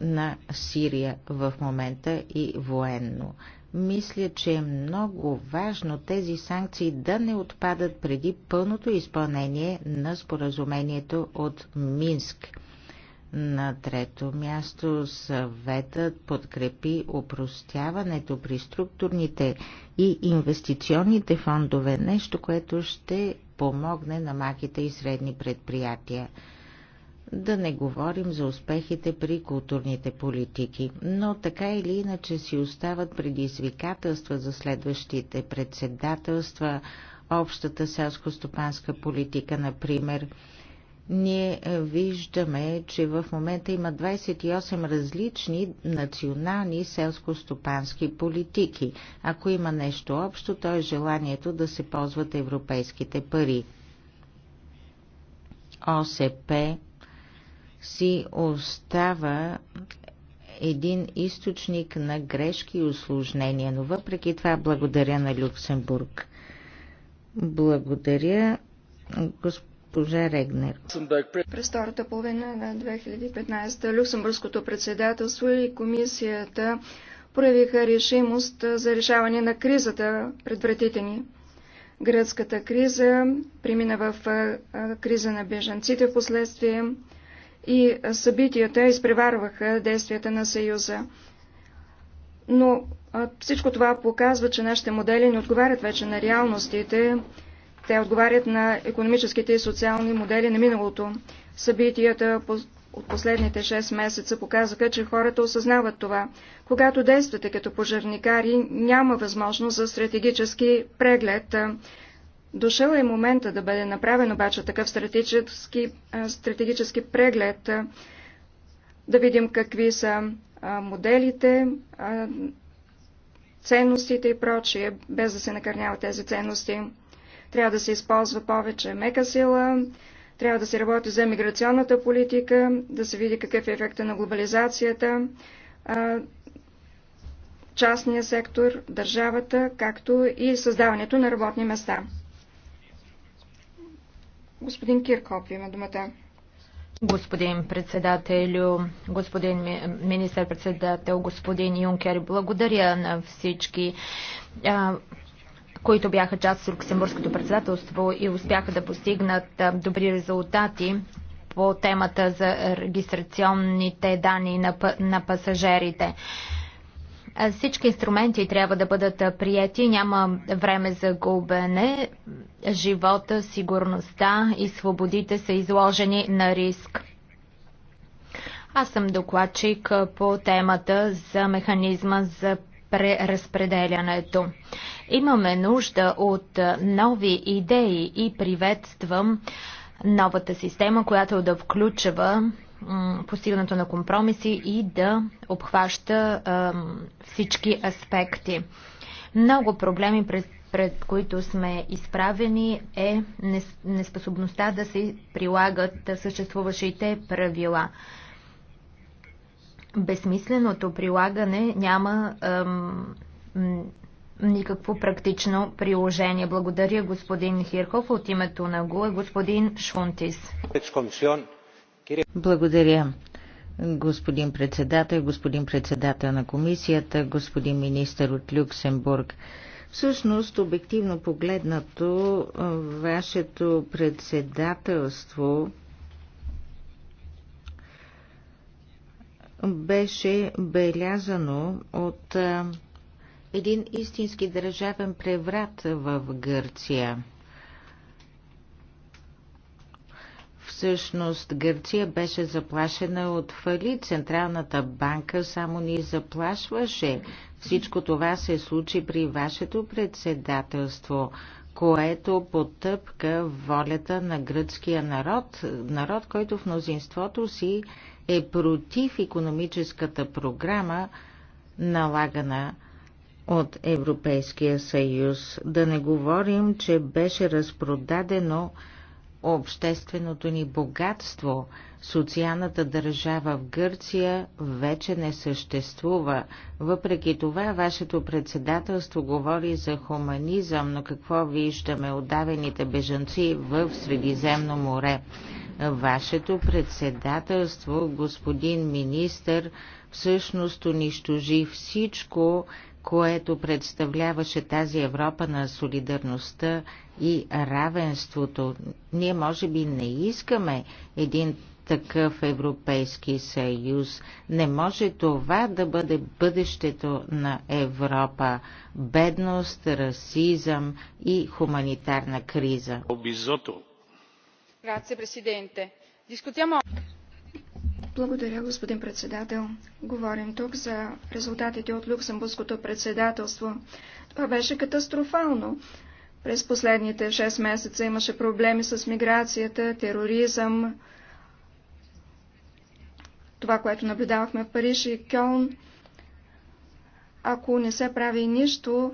B: на Сирия в момента и военно. Мисля, че е много важно тези санкции да не отпадат преди пълното изпълнение на споразумението от Минск. На трето място съветът подкрепи упростяването при структурните и инвестиционните фондове, нещо, което ще помогне на маките и средни предприятия. Да не говорим за успехите при културните политики, но така или иначе си остават предизвикателства за следващите председателства, общата селско-стопанска политика, например – ние е, виждаме, че в момента има 28 различни национални селско-стопански политики. Ако има нещо общо, то е желанието да се ползват европейските пари. ОСП си остава един източник на грешки и осложнения, но въпреки това благодаря на Люксембург. Благодаря, господин госпожа Регнер.
C: През втората половина на 2015 Люксембургското председателство и комисията проявиха решимост за решаване на кризата пред вратите ни. Гръцката криза премина в криза на бежанците в последствие и събитията изпреварваха действията на Съюза. Но всичко това показва, че нашите модели не отговарят вече на реалностите, те отговарят на економическите и социални модели на миналото. Събитията от последните 6 месеца показаха, че хората осъзнават това. Когато действате като пожарникари, няма възможност за стратегически преглед. Дошъл е момента да бъде направен обаче такъв стратегически, стратегически преглед, да видим какви са моделите, ценностите и прочие, без да се накърняват тези ценности. Трябва да се използва повече мека сила, трябва да се работи за миграционната политика, да се види какъв е ефекта на глобализацията, частния сектор, държавата, както и създаването на работни места. Господин Киркоп има думата.
A: Господин председателю, господин министър-председател, господин Юнкер, благодаря на всички които бяха част от Люксембургското председателство и успяха да постигнат добри резултати по темата за регистрационните данни на, на пасажирите. Всички инструменти трябва да бъдат прияти, няма време за губене. Живота, сигурността и свободите са изложени на риск. Аз съм докладчик по темата за механизма за преразпределянето. Имаме нужда от нови идеи и приветствам новата система, която да включва постигането на компромиси и да обхваща всички аспекти. Много проблеми пред пред които сме изправени е неспособността да се прилагат съществуващите правила. Безсмисленото прилагане няма никакво практично приложение. Благодаря господин Хирков от името на ГУЕ, господин Шунтис.
B: Благодаря. Господин председател, господин председател на комисията, господин министър от Люксембург. Всъщност, обективно погледнато, вашето председателство беше белязано от един истински държавен преврат в Гърция. Всъщност Гърция беше заплашена от фали. Централната банка само ни заплашваше. Всичко това се случи при вашето председателство, което потъпка волята на гръцкия народ, народ, който в мнозинството си е против економическата програма, налагана на от Европейския съюз. Да не говорим, че беше разпродадено общественото ни богатство. Социалната държава в Гърция вече не съществува. Въпреки това, вашето председателство говори за хуманизъм, но какво виждаме отдавените бежанци в Средиземно море? Вашето председателство, господин министър, всъщност унищожи всичко, което представляваше тази Европа на солидарността и равенството. Ние може би не искаме един такъв Европейски съюз. Не може това да бъде бъдещето на Европа. Бедност, расизъм и хуманитарна криза.
C: Благодаря, господин председател. Говорим тук за резултатите от Люксембургското председателство. Това беше катастрофално. През последните 6 месеца имаше проблеми с миграцията, тероризъм, това, което наблюдавахме в Париж и Кьон. Ако не се прави нищо,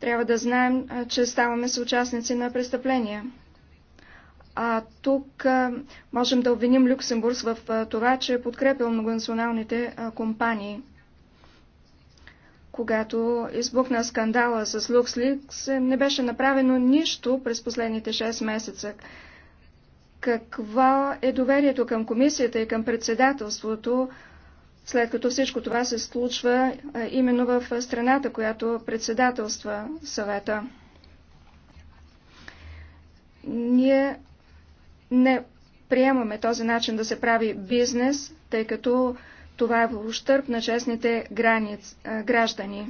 C: трябва да знаем, че ставаме съучастници на престъпления. А тук а, можем да обвиним Люксембург в а, това, че е подкрепил многонационалните а, компании. Когато избухна скандала с LuxLeaks, не беше направено нищо през последните 6 месеца. Какво е доверието към комисията и към председателството, след като всичко това се случва а, именно в страната, която председателства съвета? ние не приемаме този начин да се прави бизнес, тъй като това е в ущърп на честните границ, граждани.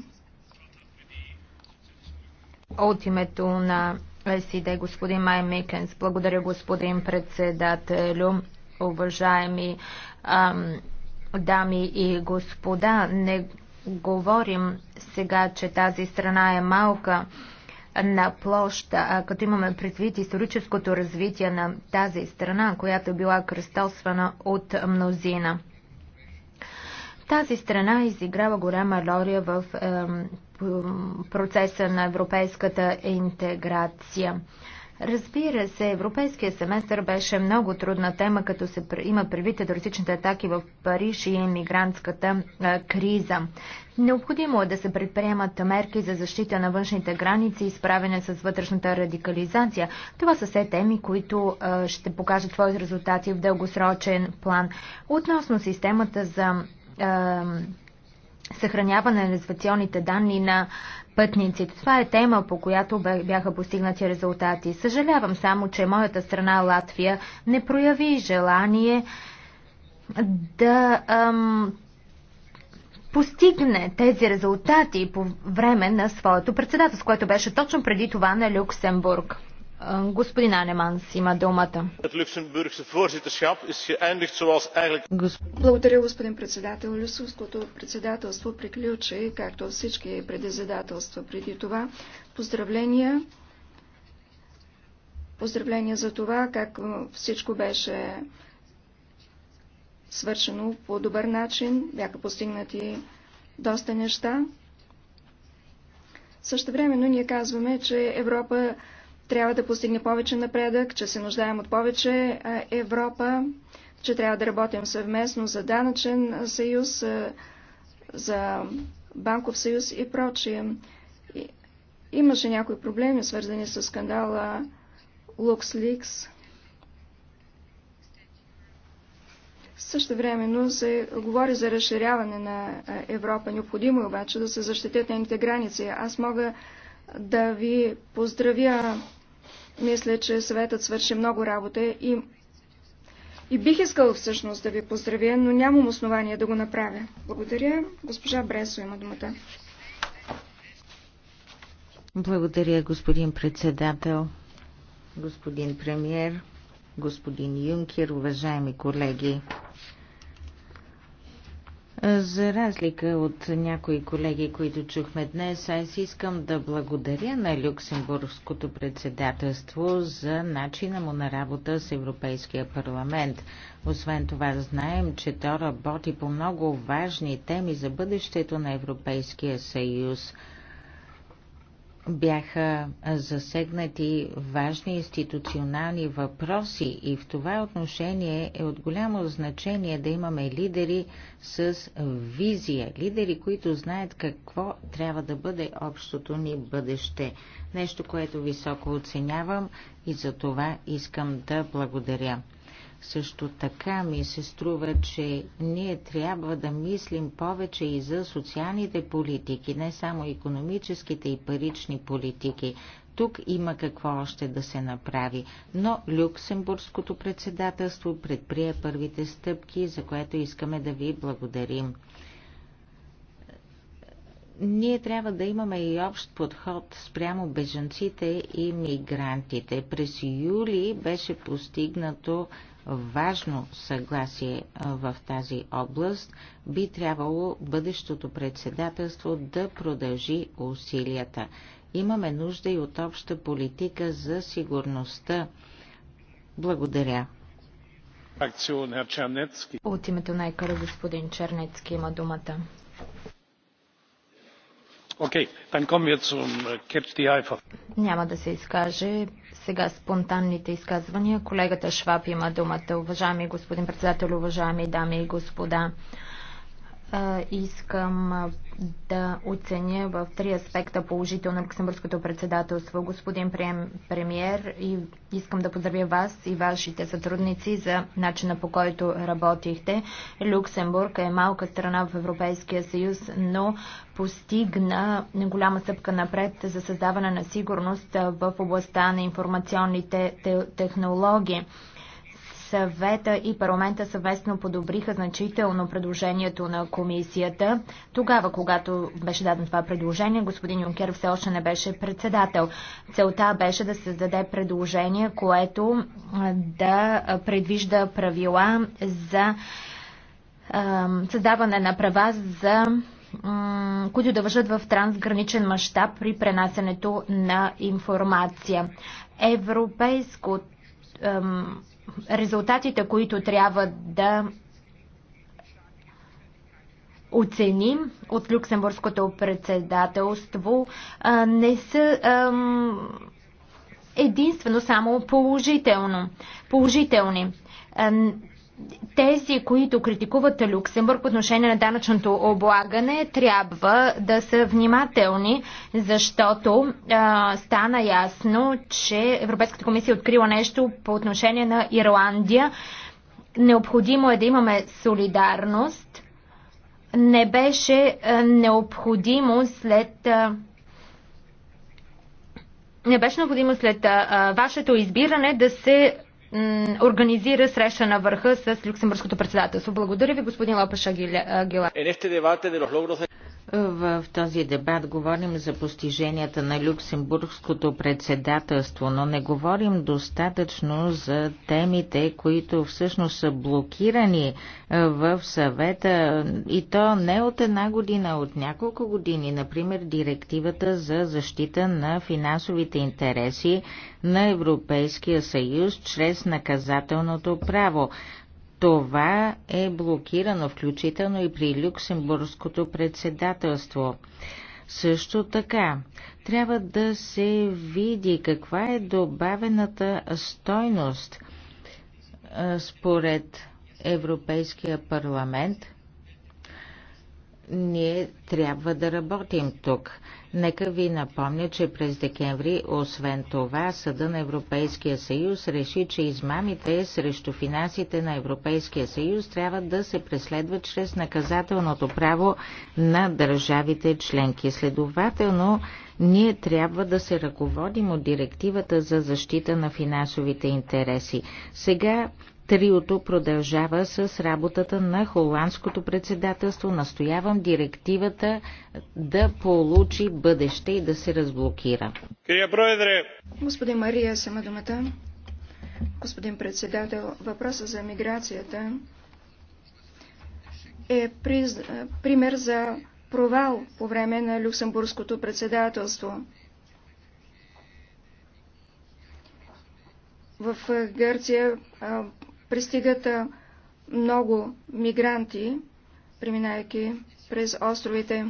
A: От името на СИД господин Май Микенс, благодаря господин председателю, уважаеми ам, дами и господа. Не говорим сега, че тази страна е малка на площа. като имаме предвид историческото развитие на тази страна, която е била кръстосвана от мнозина. Тази страна изиграва голяма роля в процеса на европейската интеграция. Разбира се, европейския семестър беше много трудна тема, като се има предвид терористичните атаки в Париж и иммигрантската е, криза. Необходимо е да се предприемат мерки за защита на външните граници и справяне с вътрешната радикализация. Това са все теми, които е, ще покажат твои резултати в дългосрочен план. Относно системата за е, съхраняване на резвационните данни на пътниците. Това е тема, по която бяха постигнати резултати. Съжалявам само, че моята страна Латвия не прояви желание да ам, постигне тези резултати по време на своето председателство, което беше точно преди това на Люксембург. Господин Анеманс има думата.
C: Благодаря, господин председател. Люсовското председателство приключи, както всички предизвидателства преди това. Поздравления. Поздравления за това, как всичко беше свършено по добър начин. Бяха постигнати доста неща. Също времено ние казваме, че Европа трябва да постигне повече напредък, че се нуждаем от повече Европа, че трябва да работим съвместно за данъчен съюз, за банков съюз и прочие. Имаше някои проблеми, свързани с скандала LuxLeaks. Също но се говори за разширяване на Европа. Необходимо е обаче да се защитят нейните граници. Аз мога да ви поздравя мисля, че съветът свърши много работа и, и бих искал всъщност да ви поздравя, но нямам основание да го направя. Благодаря. Госпожа Бресо има думата.
B: Благодаря, господин председател, господин премьер, господин Юнкер, уважаеми колеги. За разлика от някои колеги, които чухме днес, аз искам да благодаря на Люксембургското председателство за начина му на работа с Европейския парламент. Освен това знаем, че то работи по много важни теми за бъдещето на Европейския съюз – бяха засегнати важни институционални въпроси и в това отношение е от голямо значение да имаме лидери с визия, лидери, които знаят какво трябва да бъде общото ни бъдеще. Нещо, което високо оценявам и за това искам да благодаря. Също така ми се струва, че ние трябва да мислим повече и за социалните политики, не само економическите и парични политики. Тук има какво още да се направи, но Люксембургското председателство предприе първите стъпки, за което искаме да ви благодарим. Ние трябва да имаме и общ подход спрямо бежанците и мигрантите. През юли беше постигнато важно съгласие в тази област, би трябвало бъдещото председателство да продължи усилията. Имаме нужда и от обща политика за сигурността. Благодаря. От името на ЕКАРА господин Чернецки има думата.
C: Äh,
A: Няма да се изкаже сега спонтанните изказвания. Колегата Шваб има думата. Уважаеми господин председател, уважаеми дами и господа искам да оценя в три аспекта положително Люксембургското председателство. Господин премьер, и искам да поздравя вас и вашите сътрудници за начина по който работихте. Люксембург е малка страна в Европейския съюз, но постигна голяма стъпка напред за създаване на сигурност в областта на информационните технологии. Съвета и парламента съвместно подобриха значително предложението на комисията. Тогава, когато беше дадено това предложение, господин Юнкер все още не беше председател. Целта беше да създаде предложение, което да предвижда правила за създаване на права за които да въжат в трансграничен мащаб при пренасенето на информация. Европейско резултатите, които трябва да оценим от Люксембургското председателство, не са единствено само положително, положителни тези, които критикуват Люксембург по отношение на данъчното облагане, трябва да са внимателни, защото а, стана ясно, че Европейската комисия е открила нещо по отношение на Ирландия. Необходимо е да имаме солидарност. Не беше а, необходимо след. А, не беше необходимо след а, вашето избиране да се организира среща на върха с Люксембургското председателство. Благодаря ви, господин Лопеш Агилар.
B: В този дебат говорим за постиженията на люксембургското председателство, но не говорим достатъчно за темите, които всъщност са блокирани е, в съвета и то не от една година, а от няколко години. Например, директивата за защита на финансовите интереси на Европейския съюз чрез наказателното право. Това е блокирано включително и при люксембургското председателство. Също така, трябва да се види каква е добавената стойност според Европейския парламент. Ние трябва да работим тук. Нека ви напомня, че през декември, освен това, Съда на Европейския съюз реши, че измамите срещу финансите на Европейския съюз трябва да се преследват чрез наказателното право на държавите членки. Следователно, ние трябва да се ръководим от директивата за защита на финансовите интереси. Сега Триото продължава с работата на холандското председателство. Настоявам директивата да получи бъдеще и да се разблокира.
C: Господин Мария, сама думата. Господин председател, въпроса за миграцията е приз... пример за провал по време на люксембургското председателство. В Гърция Пристигат много мигранти, преминайки през островите.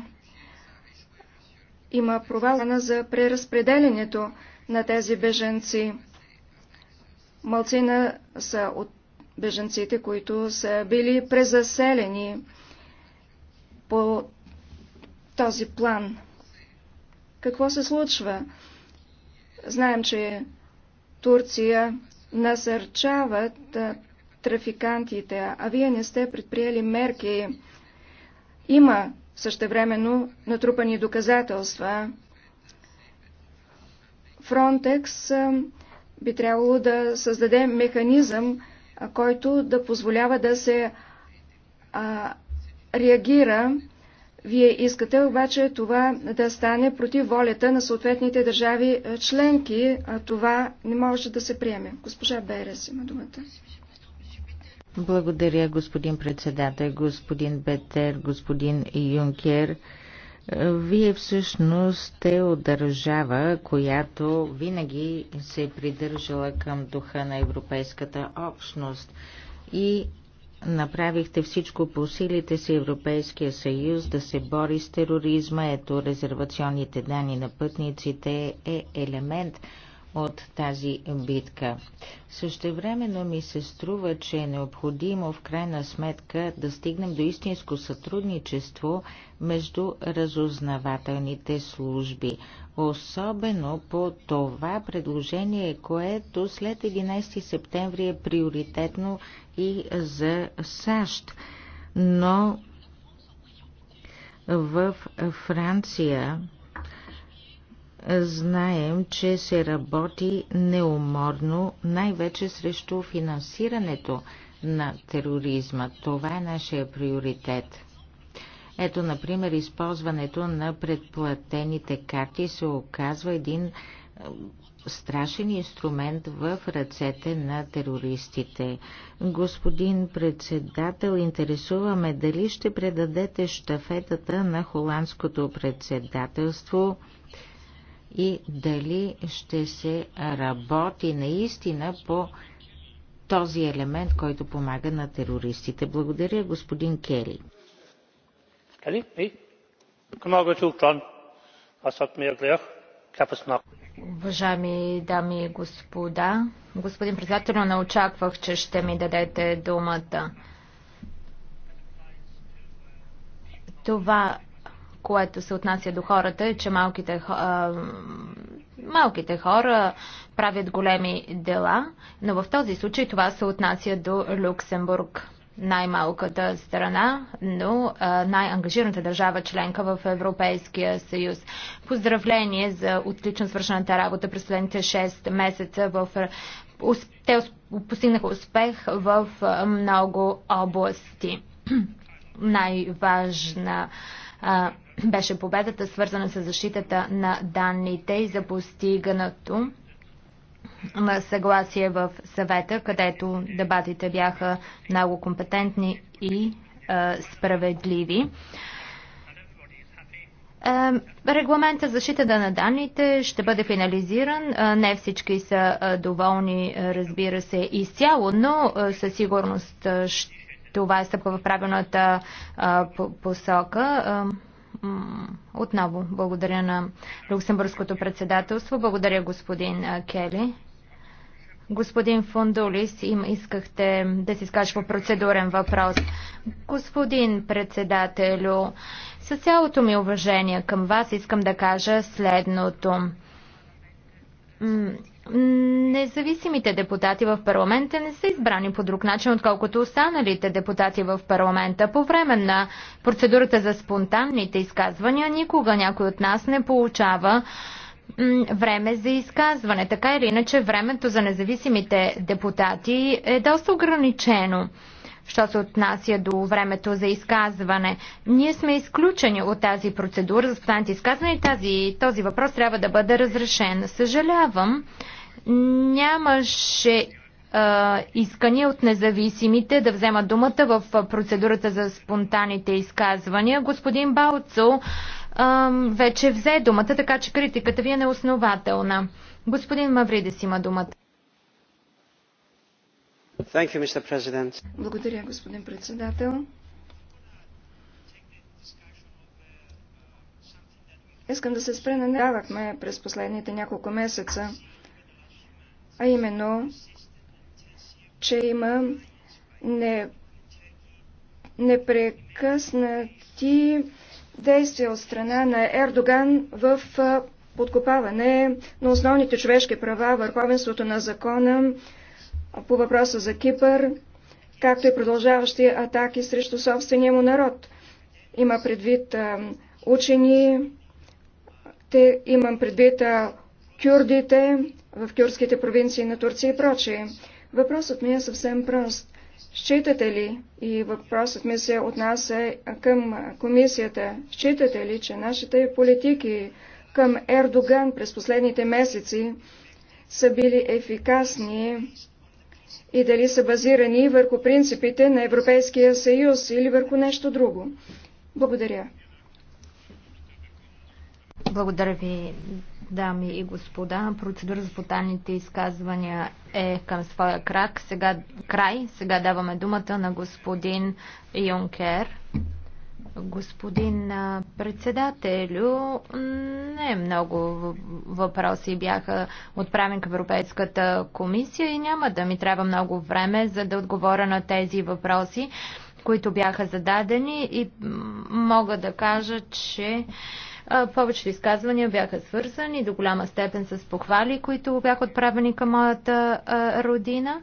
C: Има провалана за преразпределението на тези беженци. Малцина са от беженците, които са били презаселени по този план. Какво се случва? Знаем, че Турция насърчават трафикантите, а вие не сте предприели мерки. Има същевременно натрупани доказателства. Фронтекс би трябвало да създаде механизъм, който да позволява да се а, реагира. Вие искате обаче това да стане против волята на съответните държави членки. А това не може да се приеме. Госпожа Берес има думата.
B: Благодаря, господин председател, господин Бетер, господин Юнкер. Вие всъщност сте от държава, която винаги се е придържала към духа на Европейската общност и направихте всичко по силите си Европейския съюз да се бори с тероризма. Ето, резервационните данни на пътниците е елемент от тази битка. времено ми се струва, че е необходимо в крайна сметка да стигнем до истинско сътрудничество между разузнавателните служби. Особено по това предложение, което след 11 септември е приоритетно и за САЩ. Но в Франция знаем, че се работи неуморно, най-вече срещу финансирането на тероризма. Това е нашия приоритет. Ето, например, използването на предплатените карти се оказва един е, страшен инструмент в ръцете на терористите. Господин председател, интересуваме дали ще предадете штафетата на холандското председателство и дали ще се работи наистина по този елемент, който помага на терористите. Благодаря, господин Кери.
A: Уважаеми дами и господа, господин председател, не очаквах, че ще ми дадете думата. Това което се отнася до хората, е, че малките, а, малките хора правят големи дела, но в този случай това се отнася до Люксембург най-малката страна, но най-ангажираната държава членка в Европейския съюз. Поздравление за отлично свършената работа през следните 6 месеца в те постигнаха успех в много области. Най-важна беше победата, свързана с защитата на данните и за постигането на съгласие в съвета, където дебатите бяха много компетентни и е, справедливи. Е, регламента за защита на данните ще бъде финализиран. Е, не всички са е, доволни, разбира се, изцяло, но със сигурност това е стъпка в правилната посока. Отново благодаря на Люксембургското председателство. Благодаря господин Кели. Господин фондулис, им искахте да си изкажа по процедурен въпрос. Господин председателю, с цялото ми уважение към вас искам да кажа следното Независимите депутати в парламента не са избрани по друг начин, отколкото останалите депутати в парламента. По време на процедурата за спонтанните изказвания никога някой от нас не получава време за изказване. Така или иначе, времето за независимите депутати е доста ограничено що се отнася до времето за изказване. Ние сме изключени от тази процедура за спонтанните изказване и тази, този въпрос трябва да бъде разрешен. Съжалявам, нямаше искания от независимите да вземат думата в процедурата за спонтанните изказвания. Господин Балцо вече взе думата, така че критиката ви е неоснователна. Господин Мавридес има думата. Благодаря,
C: господин председател. Искам да се спре на недавахме през последните няколко месеца, а именно, че има не, непрекъснати действия от страна на Ердоган в подкопаване на основните човешки права, върховенството на закона, по въпроса за Кипър, както и продължаващи атаки срещу собствения му народ. Има предвид а, учени, те, имам предвид а, кюрдите в кюрдските провинции на Турция и прочие. Въпросът ми е съвсем прост. Считате ли, и въпросът ми се отнася към комисията, считате ли, че нашите политики към Ердоган през последните месеци са били ефикасни и дали са базирани върху принципите на Европейския съюз или върху нещо друго. Благодаря.
A: Благодаря ви, дами и господа. Процедура за спонтанните изказвания е към своя крак. Сега, край. Сега даваме думата на господин Юнкер. Господин председателю, не много въпроси бяха отправени към Европейската комисия и няма да ми трябва много време, за да отговоря на тези въпроси, които бяха зададени и мога да кажа, че повечето изказвания бяха свързани до голяма степен с похвали, които бяха отправени към моята родина.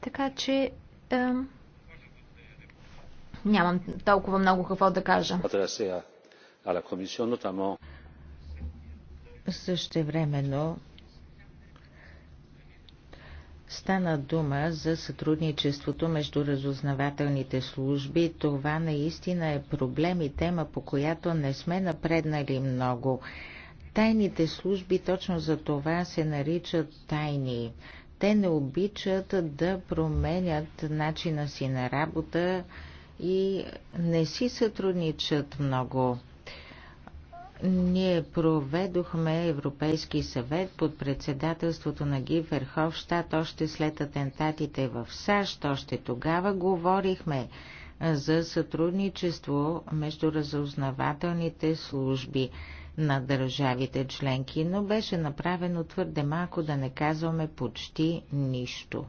A: Така че... Нямам толкова
B: много какво да кажа. Също времено Стана дума за сътрудничеството между разузнавателните служби. Това наистина е проблем и тема, по която не сме напреднали много. Тайните служби точно за това се наричат тайни. Те не обичат да променят начина си на работа, и не си сътрудничат много. Ние проведохме Европейски съвет под председателството на Ги Верховщад още след атентатите в САЩ. Още тогава говорихме за сътрудничество между разузнавателните служби на държавите членки, но беше направено твърде малко да не казваме почти нищо.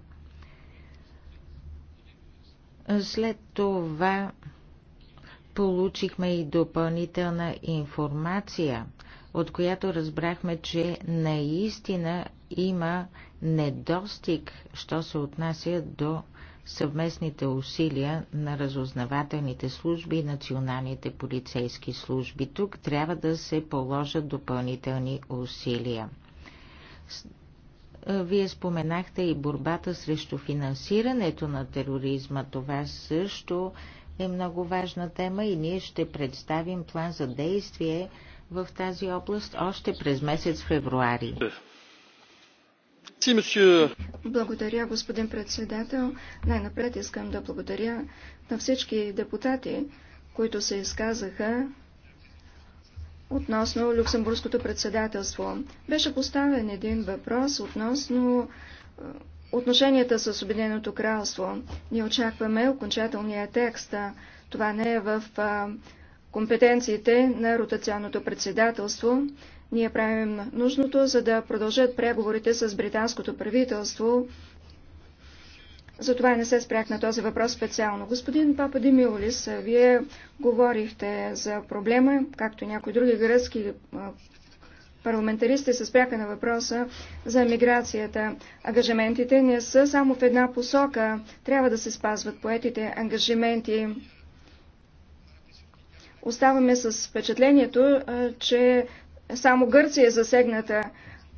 B: След това получихме и допълнителна информация, от която разбрахме, че наистина има недостиг, що се отнася до съвместните усилия на разузнавателните служби и националните полицейски служби. Тук трябва да се положат допълнителни усилия. Е, вие споменахте и борбата срещу финансирането на тероризма. Това също е много важна тема и ние ще представим план за действие в тази област още през месец февруари.
C: Благодаря, господин председател. Най-напред искам да благодаря на всички депутати, които се изказаха относно Люксембургското председателство. Беше поставен един въпрос относно е, отношенията с Обединеното кралство. Ние очакваме окончателния текст. Това не е в е, компетенциите на ротационното председателство. Ние правим нужното, за да продължат преговорите с британското правителство затова не се спрях на този въпрос специално. Господин Папа Демиолис, вие говорихте за проблема, както някои други гръцки парламентаристи се спряха на въпроса за миграцията. Ангажиментите не са само в една посока. Трябва да се спазват поетите ангажименти. Оставаме с впечатлението, че само Гърция е засегната.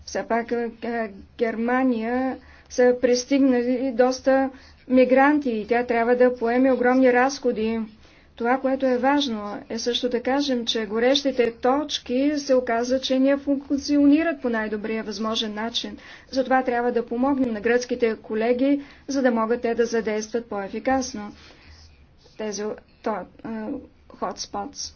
C: Все пак Германия са пристигнали доста мигранти и тя трябва да поеме огромни разходи. Това, което е важно, е също да кажем, че горещите точки се оказа, че не функционират по най-добрия възможен начин. Затова трябва да помогнем на гръцките колеги, за да могат те да задействат по-ефикасно тези хотспотс.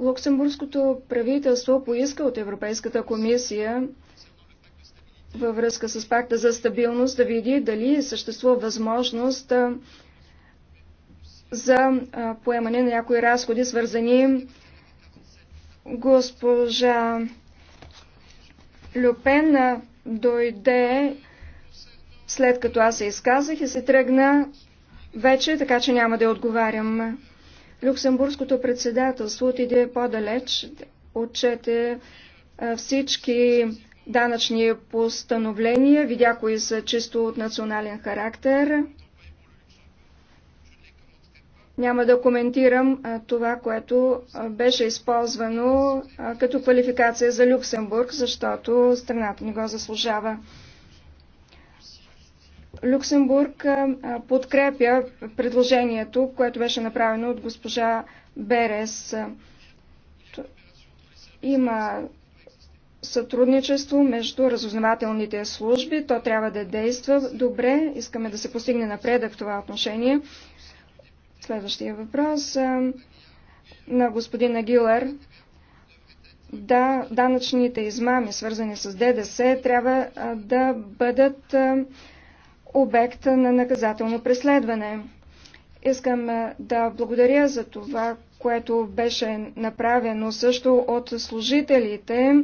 C: Луксембургското правителство поиска от Европейската комисия във връзка с пакта за стабилност да види дали съществува възможност за поемане на някои разходи, свързани госпожа Люпен дойде след като аз се изказах и се тръгна вече, така че няма да отговарям. Люксембургското председателство отиде по-далеч, отчете всички данъчни постановления, видя кои са чисто от национален характер. Няма да коментирам това, което беше използвано като квалификация за Люксембург, защото страната не го заслужава. Люксембург подкрепя предложението, което беше направено от госпожа Берес. Има сътрудничество между разузнавателните служби. То трябва да действа добре. Искаме да се постигне напредък в това отношение. Следващия въпрос на господин Агилър. Да, данъчните измами, свързани с ДДС, трябва да бъдат обект на наказателно преследване. Искам е, да благодаря за това, което беше направено също от служителите.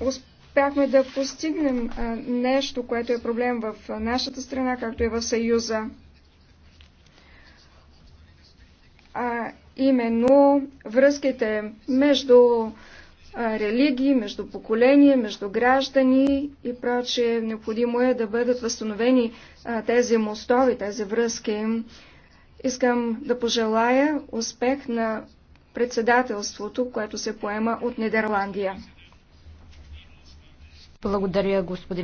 C: Успяхме да постигнем е, нещо, което е проблем в нашата страна, както и в Съюза. А именно връзките между религии, между поколения, между граждани и прочее. Необходимо е да бъдат възстановени тези мостови, тези връзки. Искам да пожелая успех на председателството, което се поема от Нидерландия.
A: Благодаря, господин.